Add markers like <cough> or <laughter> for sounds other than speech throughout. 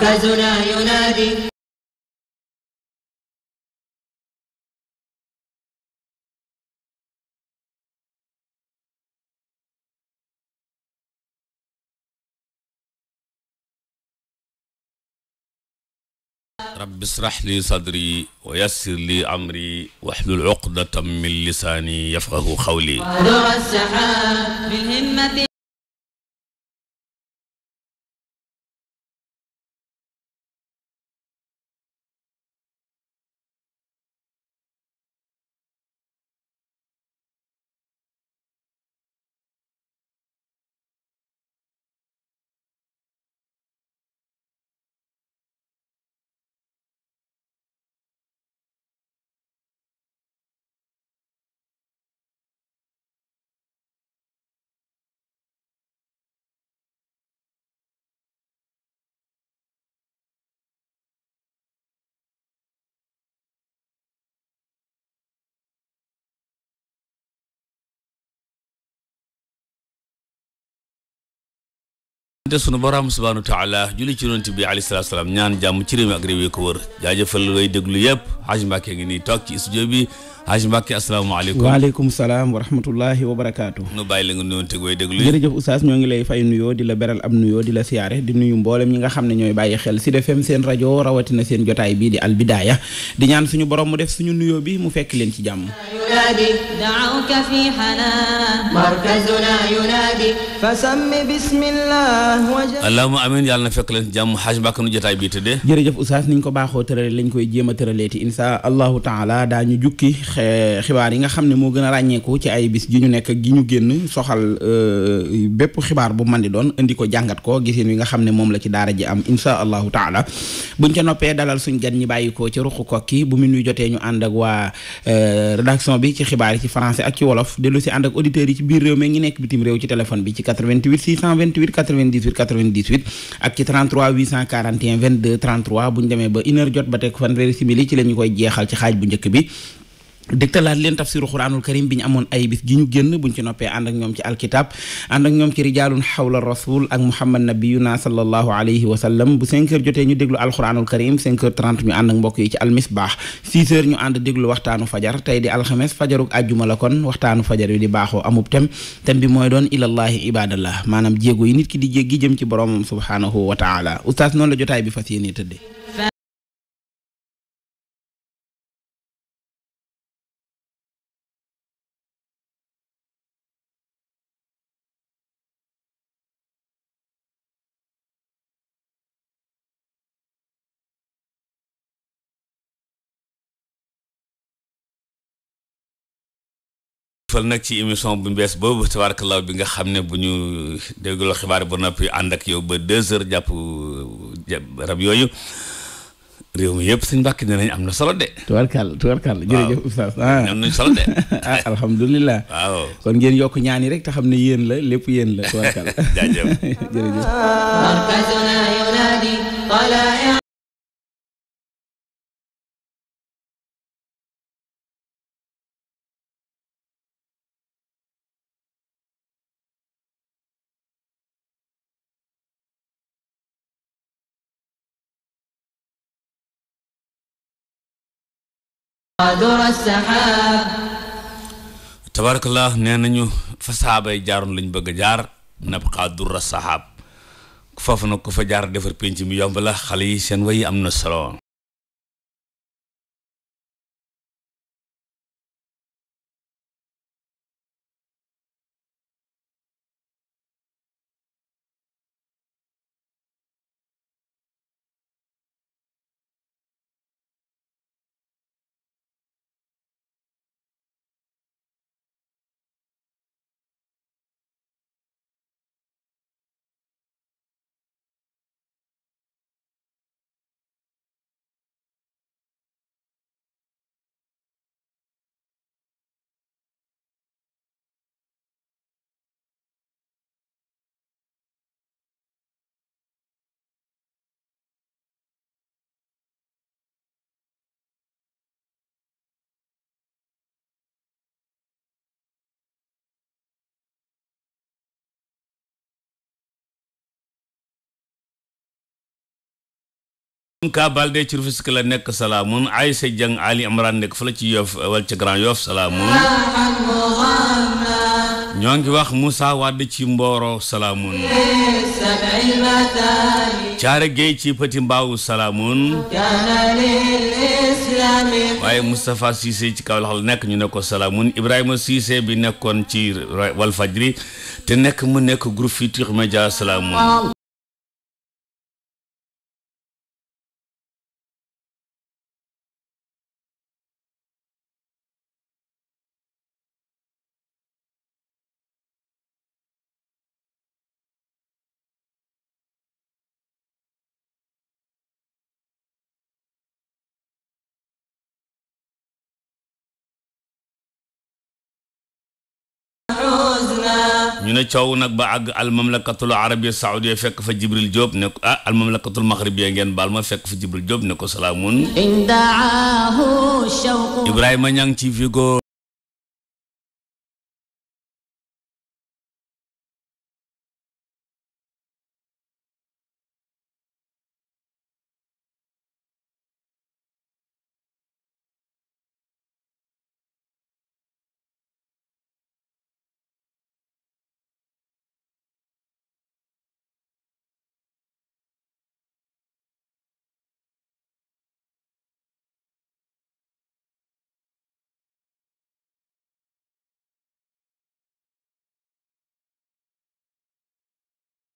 مركزنا ينادي rabbi israh li sadri wa yassir li amri wahlul uqdatan min lisani yafqahu qawli sant sunu borom subhaanahu wa taala julli ci yonent bi alayhi salaatu salaam ñaan jàmm ci réew mi ak réew yi ko wër jaajëfal looy déglu yëpp Hajj Mbàkke ngi nii toog bi Haji Mbacke asalaamaaleykum waaleykum salaam wa rahmatullahi wa barakaatu nu bàyyi la nga nuyoonte gooy déglu jërëjëf oustaz ñoo ngi lay fay nuyoo di la beral am nuyoo di la siyaare di nuyu mboolem ñi nga xam ne ñooy bàyyi xel Sud FM seen rajo rawatina seen jotaay bii di Al Bidaaya di ñaan suñu borom mu def suñu nuyoo bi mu fekk leen ci jàmm yunaadi daawka fi xanaa markazuna yunaadi fasammi na fekk leen jàmm Haji Mbacke nu jotaay bii tëddee jërëjëf oustaz niñ ko baaxoo tërale lañ koy jéem a tëraleeti insha allahu taala daañu jukki xibaar yi nga xam ne moo gën a ràññeeku ci ay bis gi ñu nekk gi ñu génn soxal euh, bépp xibaar bu man di doon indi ko jàngat ko giseen wi nga xam ne moom la ci daara ji am insha allahu taala buñ ca noppee dalal suñ gan ñi bàyyi ko ci ruq kokki bu mu nuy jotee ñu ànd ak waa euh, rédaction bi ci xibaar yi ci français ak ci wolof dellu si ànd ak auditeurs yi ci biir réew mi ngi nekk bitim réew ci téléphone bi ci 88 628 98 98 ak ci 33 841 bi dégtalaat leen tafsiru quranul karim bi ñu amoon ay bis gi ñu génn buñ ci noppee ànd ak ñoom ci alkitab ànd ak ñoom ci rijaalun xawla rasul ak muhammad nabiyuna sallallahu alayhi wa sallam bu 5 heures jotee ñu déglu alquranul karim 5 heures 30 ñu ànd ak mbokk yi ci almisbaax 6 heures ñu ànd déglu waxtaanu fajar tey di alxames fajaruk àjjuma la kon waxtaanu fajar wi di baaxoo amub tem tem bi mooy doon ilallahi ibadallah maanaam jéego yi nit ki di jéggi jëm ci boroomam subhaanahu wa taala oustaz noonu la jotaay bi fas yéene tëddee jaajëfal nag ci émission bu mbees boobu tabaarkalla bi nga xam ne bu ñu dégloo xibaar ba noppi ànd ak yow ba deux heures jàpp rab yooyu réew mi yëpp suñ mbàkk dinañ am na solo de. tubarkàll tubarkall jërëjëf oustaz ah. am nañ solo de. <laughs> Ah, ngeen yokk ñaan yi rek te xam ne yéen la lépp yéen la tubarkall. <laughs> <laughs> غادر tabarakallah nee nañu fa saxaaba yi jaaroon lañ bëgg a jaar nabqa durra saxaab foofu nag ku fa jaar defar penc mi yomb la xale yi seen way am na solo um ka balde ci Rufisque la nekk salaamun Aysa Jang Ali Imran nekk fële ci Yoff wala ci Grand Yoff salaamun ñoo ngi wax Moussa Wade ci Mboro salaamun caare géey ci Petit Mbaaw salaamun waaye mustafa Cissé ci Kaolack la nekk ñu ne ko salaamun Ibrahima Cissé bi nekkoon ci Walfadjri te nekk mu nekk groupe Futurs Médias salaamun coow nag ba àgg almamlakatul arabia saoudia fekk fa jibril Diop ne ko ah almamlakatul maxribia ngeen baal ma fekk fa jibril Diop ne ko salaamun ibrahima ñang ci vigo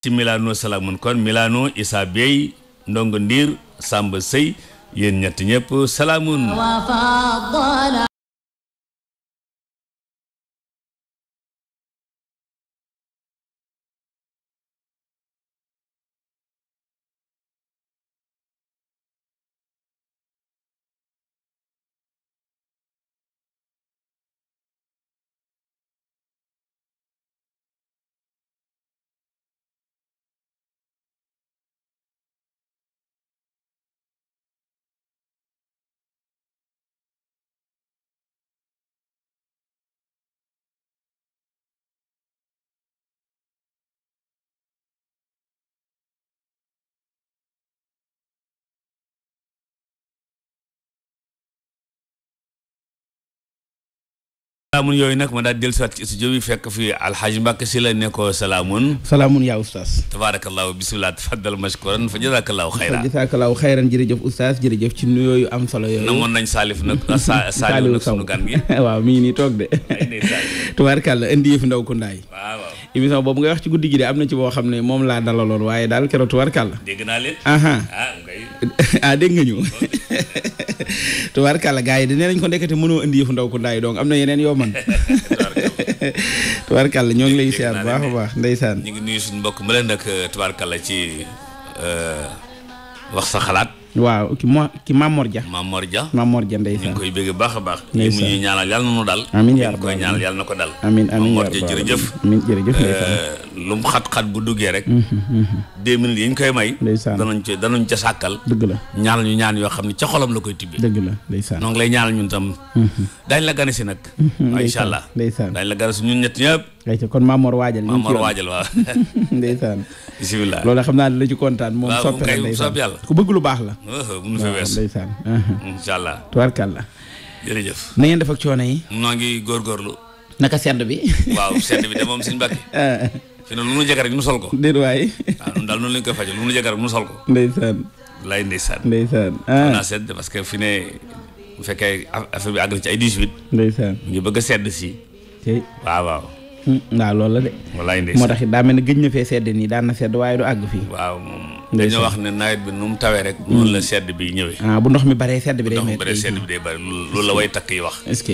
ci Milano Salamun kon Milano Issa Bey Ndongo Ndiir Samba Sey yéen ñett ñëpp salaamun salaamun yooyu nag moo daal dellu siwaat ci studio bi fekk fi alxaaji Mbàkke si la ne ko salaamun salaamun yaa oustaz tabaarakallaahu bisimilaa tafaddal mashkuran fa jazaakallaahu xayran fa jazaakallaahu xayran jërëjëf oustaz jërëjëf ci nuyoo yu am solo yooyu namoon nañ saalif nag ah, saalif nag sunu gan gi <laughs> waaw mi ngi nii toog de <laughs> tubaarkàlla indi yëfi ndaw ku ndaay waaw waaw boobu ngay wax ci guddi gi de am na ci boo xam ne moom laa dalaloon waaye daal keroog tubaarkàlla dégg naa leen ah, <laughs> ah dégg nga ñu <laughs> tubaarkàlla gaa yi dinañ ko nekkati mënoo indi yëfu ndaw ku ndaay donc am na yeneen yoo man tubaarkàlla <laughs> ñoo ngi lay siyaar bu baax a baax ndeysaan ñu ngi nuyu suñu mbokk mu leen nag euh, tubaarkàlla ci euh, wax sa xalaat waaw ki mo ki Mamor Dia Mamor Dia Mamor Dia ndeysaan ñu ngi koy bëgg baax a baax mu ñuy ñaanal yàlla na nu dal amiin yaa rabbal amiin ñu ngi ko dal jërëjëf lu mu xat-xat bu duggee rek mhm, mhm. deux minutes yi ñu koy may danañ ci danañ ca sàkkal dëgg la ñaanal ñu ñaan yoo xam ne ca xolam la koy tibbee dëgg la ndeysaan noo ngi lay ñaanal ñun tam mhm. daañ la gane si nag incha allah ndeysaan daañ la gane si ñun ñett ñëpp ayca kon Mamor waajal Mamor waajal waaw <laughs> ndeysaan bisimilah loolu xam naa la ci kontaan moom soppe la ndeysaan yàlla ku bëgg lu baax la mënu oh, oh, fa wees ndeysaan incha allah tubarkalla jërëjëf na ngeen def ak coono yi noo ngi góorgóorlu naka sedd bi waaw sedd bi de moom suñu Mbàkke <laughs> xëy na lu nu jege rek nu sol ko. déet waaye waaw ah, noonu daal noonu lañ koy fajee lu nu jege rek nu sol ko. ndeysaan. lay ndeysaan. ndeysaan ah sedd parce que fine bu fekkee affaire bi àgg na ci ay 18. ndeysaan mu ngi bëgg a sedd si. tey waaw Hmm, waaw loolu la de. walaay ndeysaan moo tax daa mel ne gëj na fee sedd nii daan na sedd waaye du àgg fii. waaw dañoo wax ne nawet bi nu mu tawee rek. noonu la sedd bi ñëwee. ah bu ndox mi baree sedd bi day. métti bu ndox mi baree sedd bi day bari loolu la way takk yi wax. est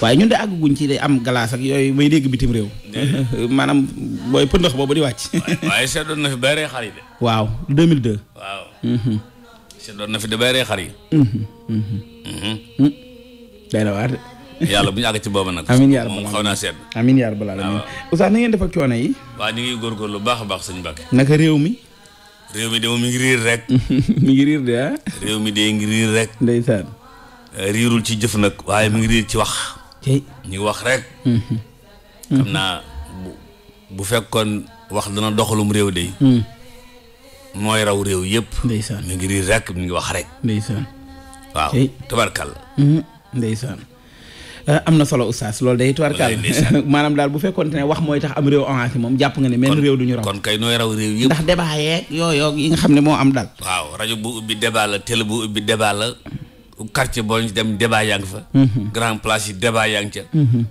waaye ñun de àgguñ ci day am glace ak yooyu may dégg bitim réew. <laughs> maanaam booy pëndox boobu di wàcc. waaye seddoon na fi baree xar waaw de. mil 2002. waaw. Mhm. seddoon na fi de baree xar yi. Mhm, mhm. Hmm. yàlla bu ñu àgg ci booba nag. amiin yaa rabbal aalamiin xaw naa sedd. amiin yaa rabbal aalamiin waaw. Oustaz na ngeen def ak coono yi. waaw ñu ngi góorgóorlu baax a baax sëñ Mbacke. naka réew mi. réew mi de mi ngi rek. mi ngi riir <laughs> ah? réew mi de ngi riir rek. ndeysaan. Eh, riirul ci jëf waaye mi ngi riir ci wax. ñu ngi wax rek. Mhm. xam mhm. fekkoon wax dana doxalum réew de. Mhm. mooy raw réew yëpp. ndeysaan mi ngi mi ngi wax rek. ndeysaan. waaw Euh, am na solo oustaz loolu day tuwarkaal <laughs> maanaam daal bu fekkoonte ne wax mooy tax am réew avancé moom jàpp nga ne menn réew du ñu raw kon kay nooy raw réew yëpp ndax débat yeeg yooyu yi nga xam ne moo am daal waaw rajo bu ubbi débat la télé bu ubbi débat la quartier boo ñu dem débat yaa ngi fa mhm. grand place yi débat yaa ngi ca mhm.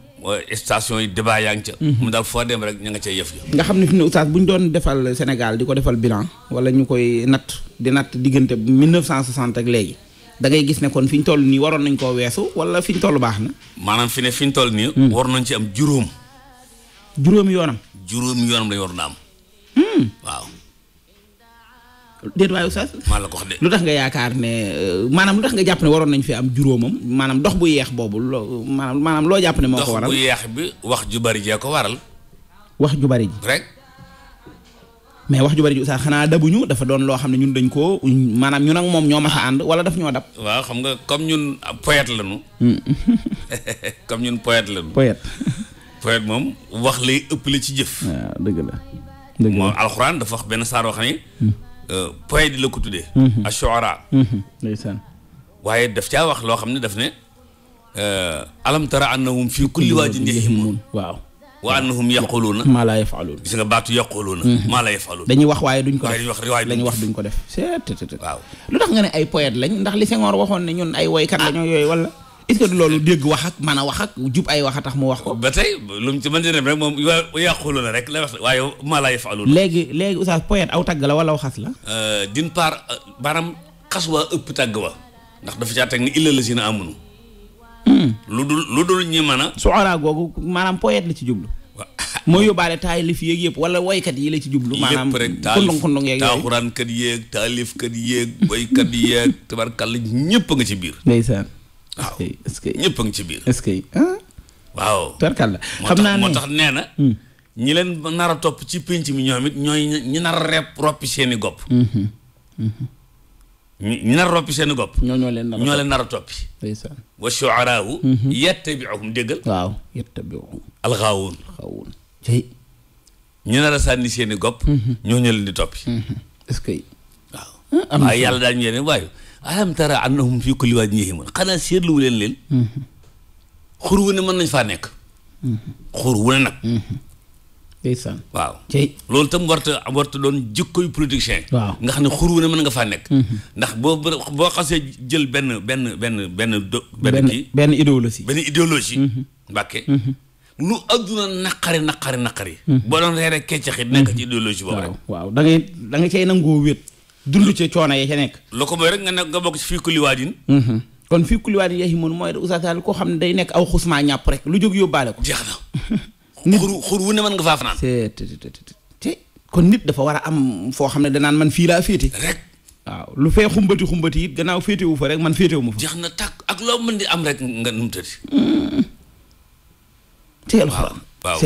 station yi débat yaa ngi ca mhm. mu daal foo dem rek ña nga cay yëf nga xam ne fi mu ne oustaz bu ñu doon defal Sénégal di ko defal bilan wala ñu koy natt di natt diggante 1960 ak léegi da ngay gis ne kon fi ñu toll nii waroon nañ koo weesu wala fi ñu toll baax na. maanaam fi ne fi ñu toll nii. Hmm. war nañ ci am juróom. juróom yoonam. juróom yoonam la yor na am. Hmm. waaw. déet waaye de. lu tax nga yaakaar euh, maanaam lu tax jàpp ne waroon nañ fi am juróomam maanaam dox bu yeex boobu loo maanaam maanaam loo jàpp ne. moo ko waral dox bu yeex bi wax ju bari jee ko waral. wax ju bari ji mais wax ju bari ju sax xanaa dabuñu dafa doon loo xam ne ñun dañ ko maanaam ñun ak moom ñoo mas a ànd wala daf ñoo dab. waaw xam nga comme ñun poète lañu. Hmm. <laughs> comme ñun poyet lañu. poyet poète moom wax lay ëppale ci jëf. waaw ah, dëgg la. dëgg la moom alxuraan dafa wax benn saar wax ne. Hmm. Euh, poète la ko tudde hmm. ashuara. ndeysaan. waaye daf caa wax loo xam ne daf ne. Euh, alam tara annahum fii kulli waadin yahimun waaw. wa annahum yaquluuna maa laa yafaluun gis nga baatu yaquluuna maa mm-hmm. laa yafaluun dañuy wax waaye duñ ko def dañuy wax duñ ko def waaw lu tax nga ne ay poète lañ ndax li Senghor waxoon ne ñun ay woykat lañoo yooyu wala est-ce que du loolu dégg wax ak mën a wax ak jub ay wax a tax mu wax ko ba tey lu mu ci mën di dem rek moom yaquluuna rek la wax waaye maa laa yafaluun léegi léegi oustaz poète aw tàgg la wala waxas la euh, d'une part baram euh, xas waa ëpp tàgg wa ndax dafa caa teg ni illa lazina amanu Hmm. lu dul lu dul ñi mën a. suara googu maanaam poète la ci jublu. <laughs> moo yóbbaale taalif yéeg yëpp wala woykat yi la ci jublu. maanaam kundung kundung yeeg yooyu taaxuraankat yeeg taalifkat yeeg. woykat yeeg <laughs> tabarkàlla ñëpp a nga ci biir. ndeysaan. waaw est-ce que ñëpp a nga ci biir. est-ce que waaw. tabarkàlla xam naa ne moo tax nee na. Hmm. ñi leen nar a topp ci pénc mi ñoom it ñooy ñi nar a rep roppi seeni gopp. Hmm, ñu nar a roppi seen gopp. ñoo leen nar a ñoo leen nar a toppi. ndeysaan wa shuaraawu. Mhm. yattabiuhum waaw yattabiuhum. alxaawun. alxaawun tey. ñu nar a sànni seeni i gopp. Mhm. ñoo ñoo leen di toppi. Mhm. est-ce que. waaw ah, am waaye yàlla na yéene waaye alam tara annahum fi kulli waadin yahimun xanaa seetlu leen leen. xur wu ne mën nañ faa nekk. xur wu ne nag. ndeysaan waaw loolu tam warta warta doon jikkoy politicien waaw nga xam ne xurwu ne mën nga faa nekk mhm. ndax boo boo xasee jël benn benn benn benn do benn kii benn idéologie benn idéologie mhm. mbàkke lu mhm. adduna naqari naqari naqari boo doon reere keccaxit nekk ci idéologie boobu rek waaw da ngay da nga cay nangoo wéet dund ci coono yi ca nekk lu ko mooy rek nga nekk nga bokk ci fii kuliwaadin kon fii kuliwaadin yahi moon mooy da oustaz Sall koo xam ne day nekk aw xusmaa ñàpp rek lu jóg yóbbaale ko jeex <laughs> nit xur xur wu ne man nga faa fanaan. te kon nit dafa war a am foo xam ne danaan man fii laa féete. rek waaw lu fee xumbati xumbati it gannaaw féetewu fa rek man féetewu ma fa. jeex na tàkk ak loo mën di am rek nga nu mu tëdd. teel xuraan. waaw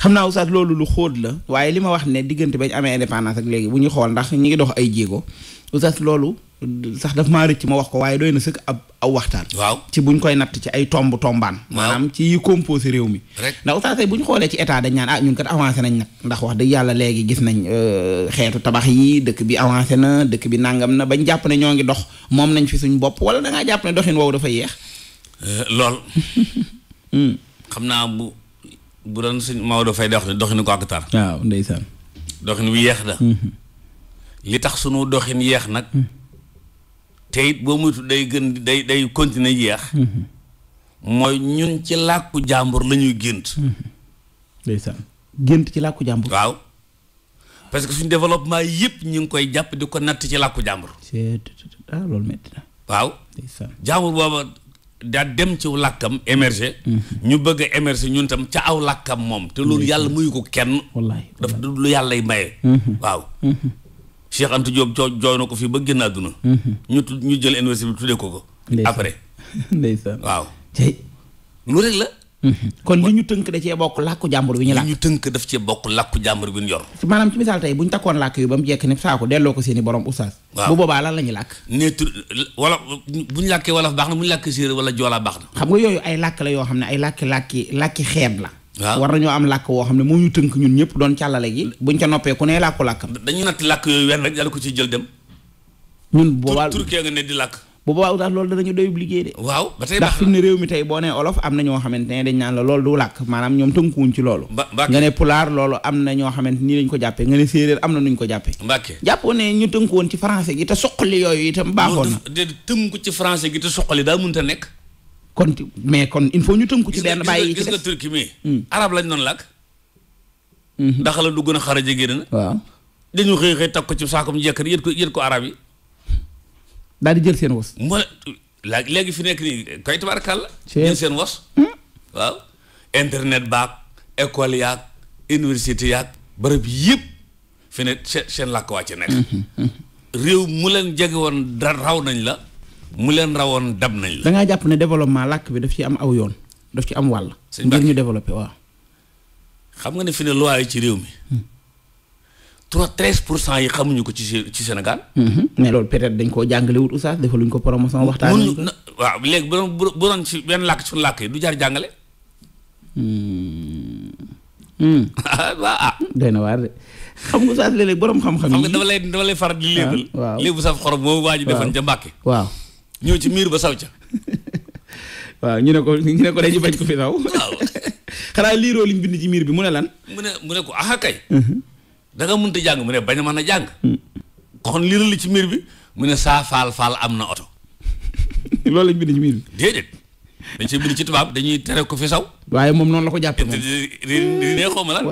xam naa oustaz loolu lu xóot la. waaye li ma wax ne diggante bañ amee indépendance ak léegi bu ñuy xool ndax ñu ngi dox ay jéego oustaz loolu. sax daf maa rëcc ma wax ko waaye dooy na sëkk ab aw waxtaan. waaw ci buñ koy natt ci ay tomb tombaan. maanaam ci yi composé réew mi. ndax oustaz tey bu ñu xoolee ci état dañ naan ah ñun kat avancé nañ nag ndax wax dëgg yàlla léegi gis nañ euh, xeetu tabax yi dëkk bi avancé na dëkk bi nangam na bañ jàpp ne ñoo ngi dox moom nañ fi suñ bopp wala da ngaa jàpp ne doxin woowu dafa yéex. Euh, lool. <laughs> Hmm. xam naa bu bu doon suñ Maodo Faye dox doxinu ko ak tar. waaw ndeysaan. doxin wi yéex da. Hmm. li tax sunu doxin yéex nag. Hmm. te it boo muytu day gën day day continuer yeex mm-hmm. mooy ñun ci làkku jàmbur lañuy ñuy gént mm-hmm. ndeysaan gént ci làkku jàmbur waaw parce que suñu développement yëpp ñu ngi koy jàpp di ko natt ci làkku jàmbur ah loolu metti na waaw jàmbur booba daa dem ci làkkam émerger mm-hmm. ñu bëgg a ñun tam ca aw làkkam moom te loolu yàlla muyu ko kenn wallaay daf du lu yàllay maye waaw Cheikh Anta Diop joo jooy na ko fii ba génn àdduna. Mhm. ñu tu ñu jël université bi tuddee ko ko. après <laughs> ndeysaan waaw. lu rek la. Mhm. kon li ñu tënk da cee bokk làkku jàmbur bi ñu làkk. ñu tënk daf cee bokk làkku jàmbur bi ñu yor. maanaam ci misaal tey bu ñu takkoon làkk yi ba mu jekk ne saako delloo ko seen i borom bu boobaa lan la ñuy làkk. wala bu ñu làkkee wolof baax na bu ñu làkkee séeréer wala joolaa baax na. xam nga yooyu ay làkk la yoo xam ne ay làkki làkki làkki xeet la waaw war nañoo am làkk woo xam ne moom ñu tënk ñun ñëpp doon càllale gi buñ ca noppee ku ne làkku làkk ko ci jël dem ñun boobaa turkee nga ne di làkk bu boobaa utax loolu danañu doyub liggéey de ndax fi ne réew mi tey boo nee olof am na ñoo xamante ne dañ naan la lool du làkk maanaam ñoom tënkuwuñ ci loolu nga ne pulaar loolu am na ñoo xamante nii lañ ko jàppee nga ne séeréer am na nuñ ko jàppee mbàkke jàppoon ne ñu tënkuwoon ci français gi te suqali yooyu itam baaxoon na tënku ci français gi te suqali daa munta nekk kon mais kon il faut ñu ko ci benn bàyyi ci gis nga turki mii hmm. arab lañ noonu làkk mhm. ndax la du gën a xaraje génn waaw dañu xëy xëy takk ko ci saakom jëkkër yët ko yët ko arab yi daal di jël seen was mo léegi fi nekk nii koy tabarkàlla jël seen was hmm. waaw internet baak école yaak université yaak bërëb yëpp fi ne seen seen làkk waa nekk mhm, mhm. réew mu leen jege woon raw nañ la mu leen rawoon dab nañ la. da jàpp ne développement làkk bi daf ci am aw yoon daf ci am wàll. ngir ñu développé waaw. xam nga ne fi ne ci réew mi. Hmm. trois treize pour cent yi xamuñu ko ci ci Sénégal. Hmm. mais loolu peut dañ koo jàngalewut oustaz defaluñ ko promotion waxtaan. mënuñu waaw léegi bu doon bu doon ci benn làkk suñu làkk yi du jar jàngale. ah <laughs> na waar de xam nga oustaz léeg-léeg borom xam-xam yi. xam nga dafa lay dafa lay faral di léebal. Ah, waaw waa ji defoon waaw. ñëw ci miir ba saw ca. <laughs> waaw ñu ne ko ñu ne ko dañu bañ ko fi saw. waaw <laughs> xanaa liiroo liñ bind ci miir bi mu ne lan. mu ne ko ah kay. Mhm. da nga mënut jàng mune ne bañ a mën a jàng. Mhm. kon liiral li ci miir bi mu ne saa faal faal am na oto. <laughs> loolu lañ bind ci miir bi dañ siy bind ci tubaab dañuy tere ko fi saw. waaye moom noonu la ko jàppee moom. nee ma lan.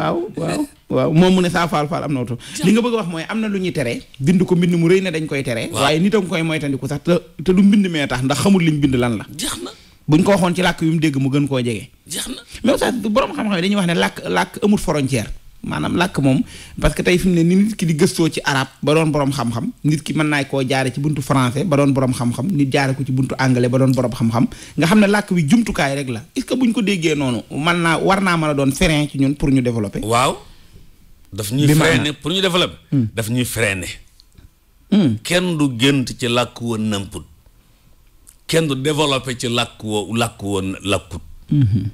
waaw moom mu ne saa faal faal am na oto. li nga bëgg a wax mooy am na lu ñuy tere. bind ko mbind mu rëy ne dañ koy tere. waaye nit a koy moytandiku sax te te du mbind mee tax ndax xamul liñ bind lan la. jeex na buñ ko waxoon ci làkk yu mu dégg mu gën koo jege. jeex na mais sax borom xam-xam yi dañuy wax ne làkk làkk amul frontière maanaam làkk moom parce que tey fi mu ne ni nit ki di gëstoo ci arab ba doon borom xam-xam nit ki mën naa koo jaare ci buntu français ba doon borom xam-xam nit jaare ko ci buntu anglais ba doon borom xam-xam nga xam ne làkk bi jumtukaay rek la est-ce que ko déggee noonu man naa war naa mën a doon frein ci ñun pour ñu développer. waaw daf ñuy freiner pour ñu développe hmm. daf ñuy freiner. Hmm. kenn du gënt ci làkk wa namput kenn du développer ci làkk wa làkk wa làkkut. Hmm.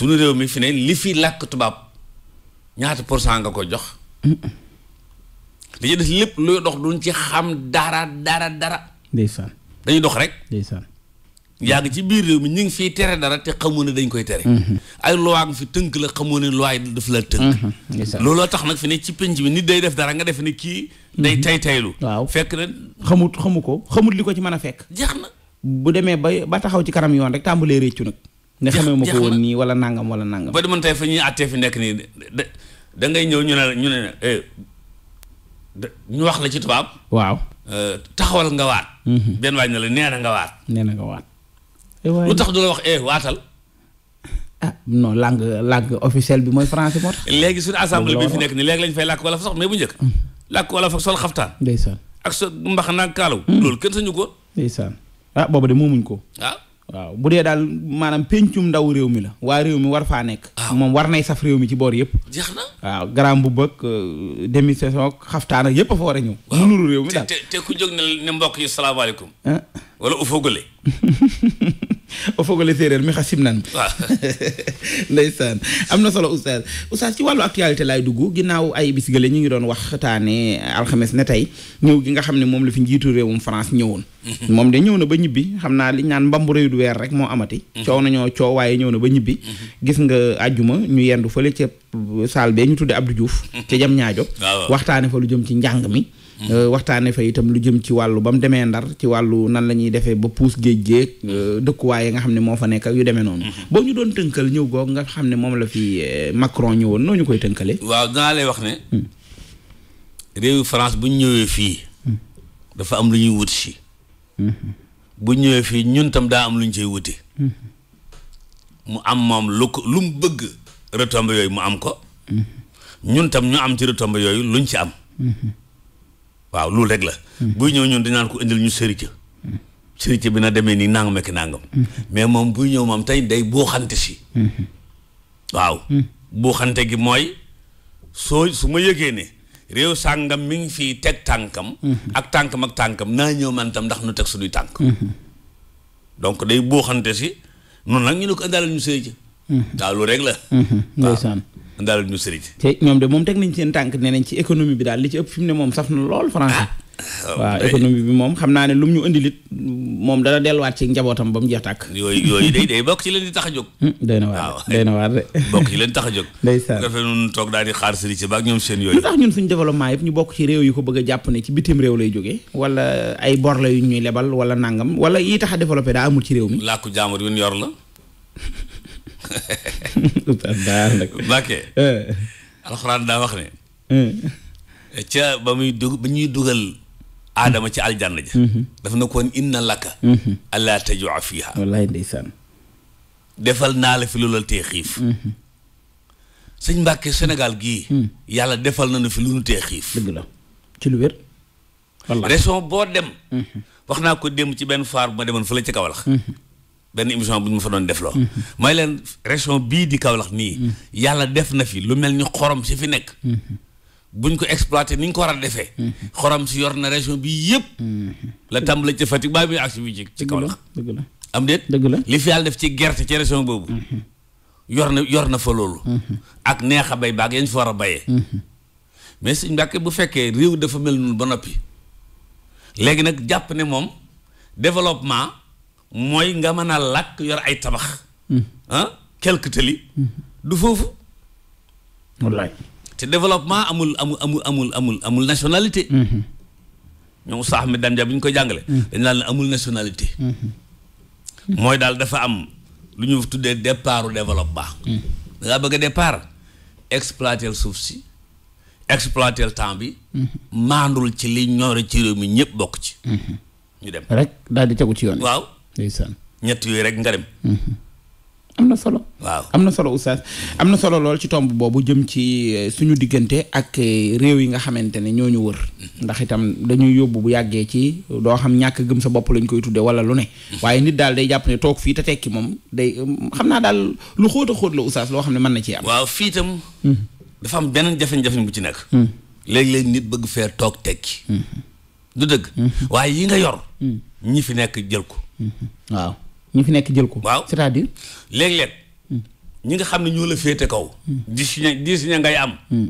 réew mi fi li fi làkk tubaab. ñaata pour cent nga ko jox. li ñu des lépp luy dox duñ ci xam dara dara dara. ndeysaan dañuy dox rek. ndeysaan yàgg ci biir réew mi ñu ngi fiy tere dara te xamu ne dañ koy tere. Mhm. ay loi nga fi tënk la xamu ne loi daf la tënk. Mhm. looloo tax nag fi ne ci penc bi nit day def dara nga def ne kii. day mhm. tay taylu. fekk na xamut xamu ko xamut li ko ci mën a fekk. jeex na. bu demee ba ba taxaw ci kanam yoon rek tàmbalee réccu nag. ne xamee ma ko woon nii wala nangam wala nangam. ba di mën tey fa ñuy àttee fi nekk nii da ngay ñëw ñu ne ñu ne eh, ñu wax la ci tubaab. waaw eh, taxawal nga waat. Mhm. benn waay ne la nga waat. nee na nga waat. Eh, lu tax du la wax waatal. ah non langue langue officielle bi mooy français moo tax. léegi suñu assemblée bi fi nekk nii léegi lañ fay làkk wala fa sax bu njëkk. Mhm. làkk wala fa sol xaftaan. ndeysaan ak sa mbaxana ak kaalaw. Mhm. loolu kenn sañu ko. ndeysaan ah booba de moomuñ ko. Ah. waaw bu dee daal maanaam pencum ndaw réew mi la waa réew mi war faa nekk. Ah. moom war nay saf réew mi ci boor yëpp. jeex na waaw grand bu bëgg euh, demi saison xaftaan yëpp a fa war a ñëw. waaw mu réew mi daal te te ku jóg ne mbokk yi salaamaaleykum. wala o fogole o fogole séeréer mi xasim nan <laughs> waaw <laughs> ndeysaan am na solo oustaz oustaz ci wàllu actualité laay dugg ginnaaw ay bis ñu ngi doon waxtaane alxames ne tey ñëw gi nga xam ne moom la fi njiitu réewum France ñëwoon mhm. moom de ñëw na ba ñibbi xam naa li naan mbambu réew weer rek moo amati mhm. coow nañoo coow waaye ñëw na ba ñibbi mhm. gis nga àjjuma ñu yendu fële ca saal bee ñu tudde Abdou Diouf ca jam ñaajo waxtaane fa lu jëm ci njàng mi Euh, waxtaane fa itam lu jëm ci wàllu ba mu demee ndar ci wàllu nan la ñuy defee ba puus géej géej euh, dëkkuwaay yi nga xam ne moo fa nekk ak yu demee noonu mm-hmm. boo ñu doon tënkal ñëw goog nga xam ne moom la fi euh, Macron ñëwoon noo koy tënkale waaw danaa wax ne mm. réewu France ñëwee fii mm. dafa am lu ñuy wut si mm-hmm. bu ñëwee fii ñun tam daa am lu ñu cay mm-hmm. mu am moom lu ko lu mu bëgg retombé yooyu mu am ko ñun tam ñu am ci retombé yooyu luñ ci am waaw lu rek la. Hmm. buy ñëw ñun dinaan ko indil ñu sëri ca. Hmm. bi na demee nii nangam ak nàngam hmm. mais moom buy ñëw moom tey day buuxante si. waaw. buuxante gi mooy soo su ma yëgee ne réew sàngam mi ngi fii teg tànkam. ak tànkam ak tànkam naa ñëw man tam ndax nu teg suñuy tànk. donc day buuxante si noonu nag ñu ne ko indaale ñu sëri waaw loolu rek la. ndeysaan daal ñu sëriñ. te ñoom de moom teg nañ seen tànk nee nañ ci économie bi daal li ci ëpp fi mu ne moom saf na lool français. Ah, waaw économie bi moom xam naa ne lu mu ñu indilit moom dana delluwaat ci njabootam ba mu jeex tàkk. yooyu yooyu day day bokk ci leen di a jóg. day na waar day na leen tax a jóg. Hmm, ah, <laughs> ndeysaan bu defee toog daal di xaar sëriñ si ñoom seen yooyu. lu tax ñun suñu développement yëpp ñu bokk ci réew yi ko bëgg jàpp ne ci bitim réew lay jógee wala ay bor la yu ñuy lebal wala nangam wala yi tax a développé daa amul ci réew mi. làkku jaamur yu ñu yor la <laughs> <laughs> Mbàkke <laughs> eh. alxuraan daa wax ne eh. ca ba muy dug ba ñuy dugal aadama ci aljanna ja mm-hmm. dafa na koon inna lakka mm-hmm. allaa tajua fiiha defal naa la fi loolal tee xiif mm-hmm. sëñ Mbàkke Sénégal gii mm. yàlla defal na nu fi lu nu tee xiif ci lu wér raison boo dem wax naa ko démb ci benn faar bu ma demoon fële ca lax benn émission bu ñu ma fa doon def loo may leen région bii di Kaolack nii yàlla def na fi lu mel ni xorom si fi nekk buñ ko exploité ni ñu ko war a defee xorom si yor na région bii yëpp la tàmbale ci Fatick baa bi ak si bi ci ci Kaolack am déet dëgg la li fi def ci gerte ci région boobu yor na yor na fa loolu ak neex a bay baag yañ fa war a bayee mais suñ Mbàkke bu fekkee réew dafa mel noonu ba noppi léegi nag jàpp ne moom développement mooy nga mën a làkk yor ay tabax ah quelque tëli hmm. du foofu wallaay te développement amul amul amul amul amul amul nationalité hmm. ñoom sax mi danja bi ñu ko jàngale dañ naan ne amul nationalité mooy daal dafa am lu ñu tuddee départu développement da ngaa bëgg a départ exploiter suuf si exploiter temps bi maandul ci li ñoore ci réew mi ñëpp bokk ci ñu dem rek daal di tegu ci yoon ndeysaan ñett yooyu rek nga dem. Mhm. am na solo. waaw am na solo oustaz am na solo lool ci tomb boobu jëm ci eh, suñu diggante ak eh, réew yi nga xamante ne ñoo ñu wër mhm. ndax itam dañuy yóbbu bu yàggee ci doo xam ñàkk gëm sa bopp lañ koy tuddee wala lu ne mhm. waaye nit daal day jàpp ne toog fii te tekki moom day um, xam naa daal lu xóot a xóot la oustaz loo xam ne mën na ci am. waaw fii itam. dafa am benn jafe-jafe bu ci nekk. léeg-léeg nit bëgg fee toog tekki. du dëgg. waaye yi nga yor. ñi fi nekk jël ko. waaw ñu fi nekk jël ko. waaw c'est-à-dire. léeg hmm. ñi nga xam ne ñoo la féete kaw. Hmm. di signé di ngay am. Hmm.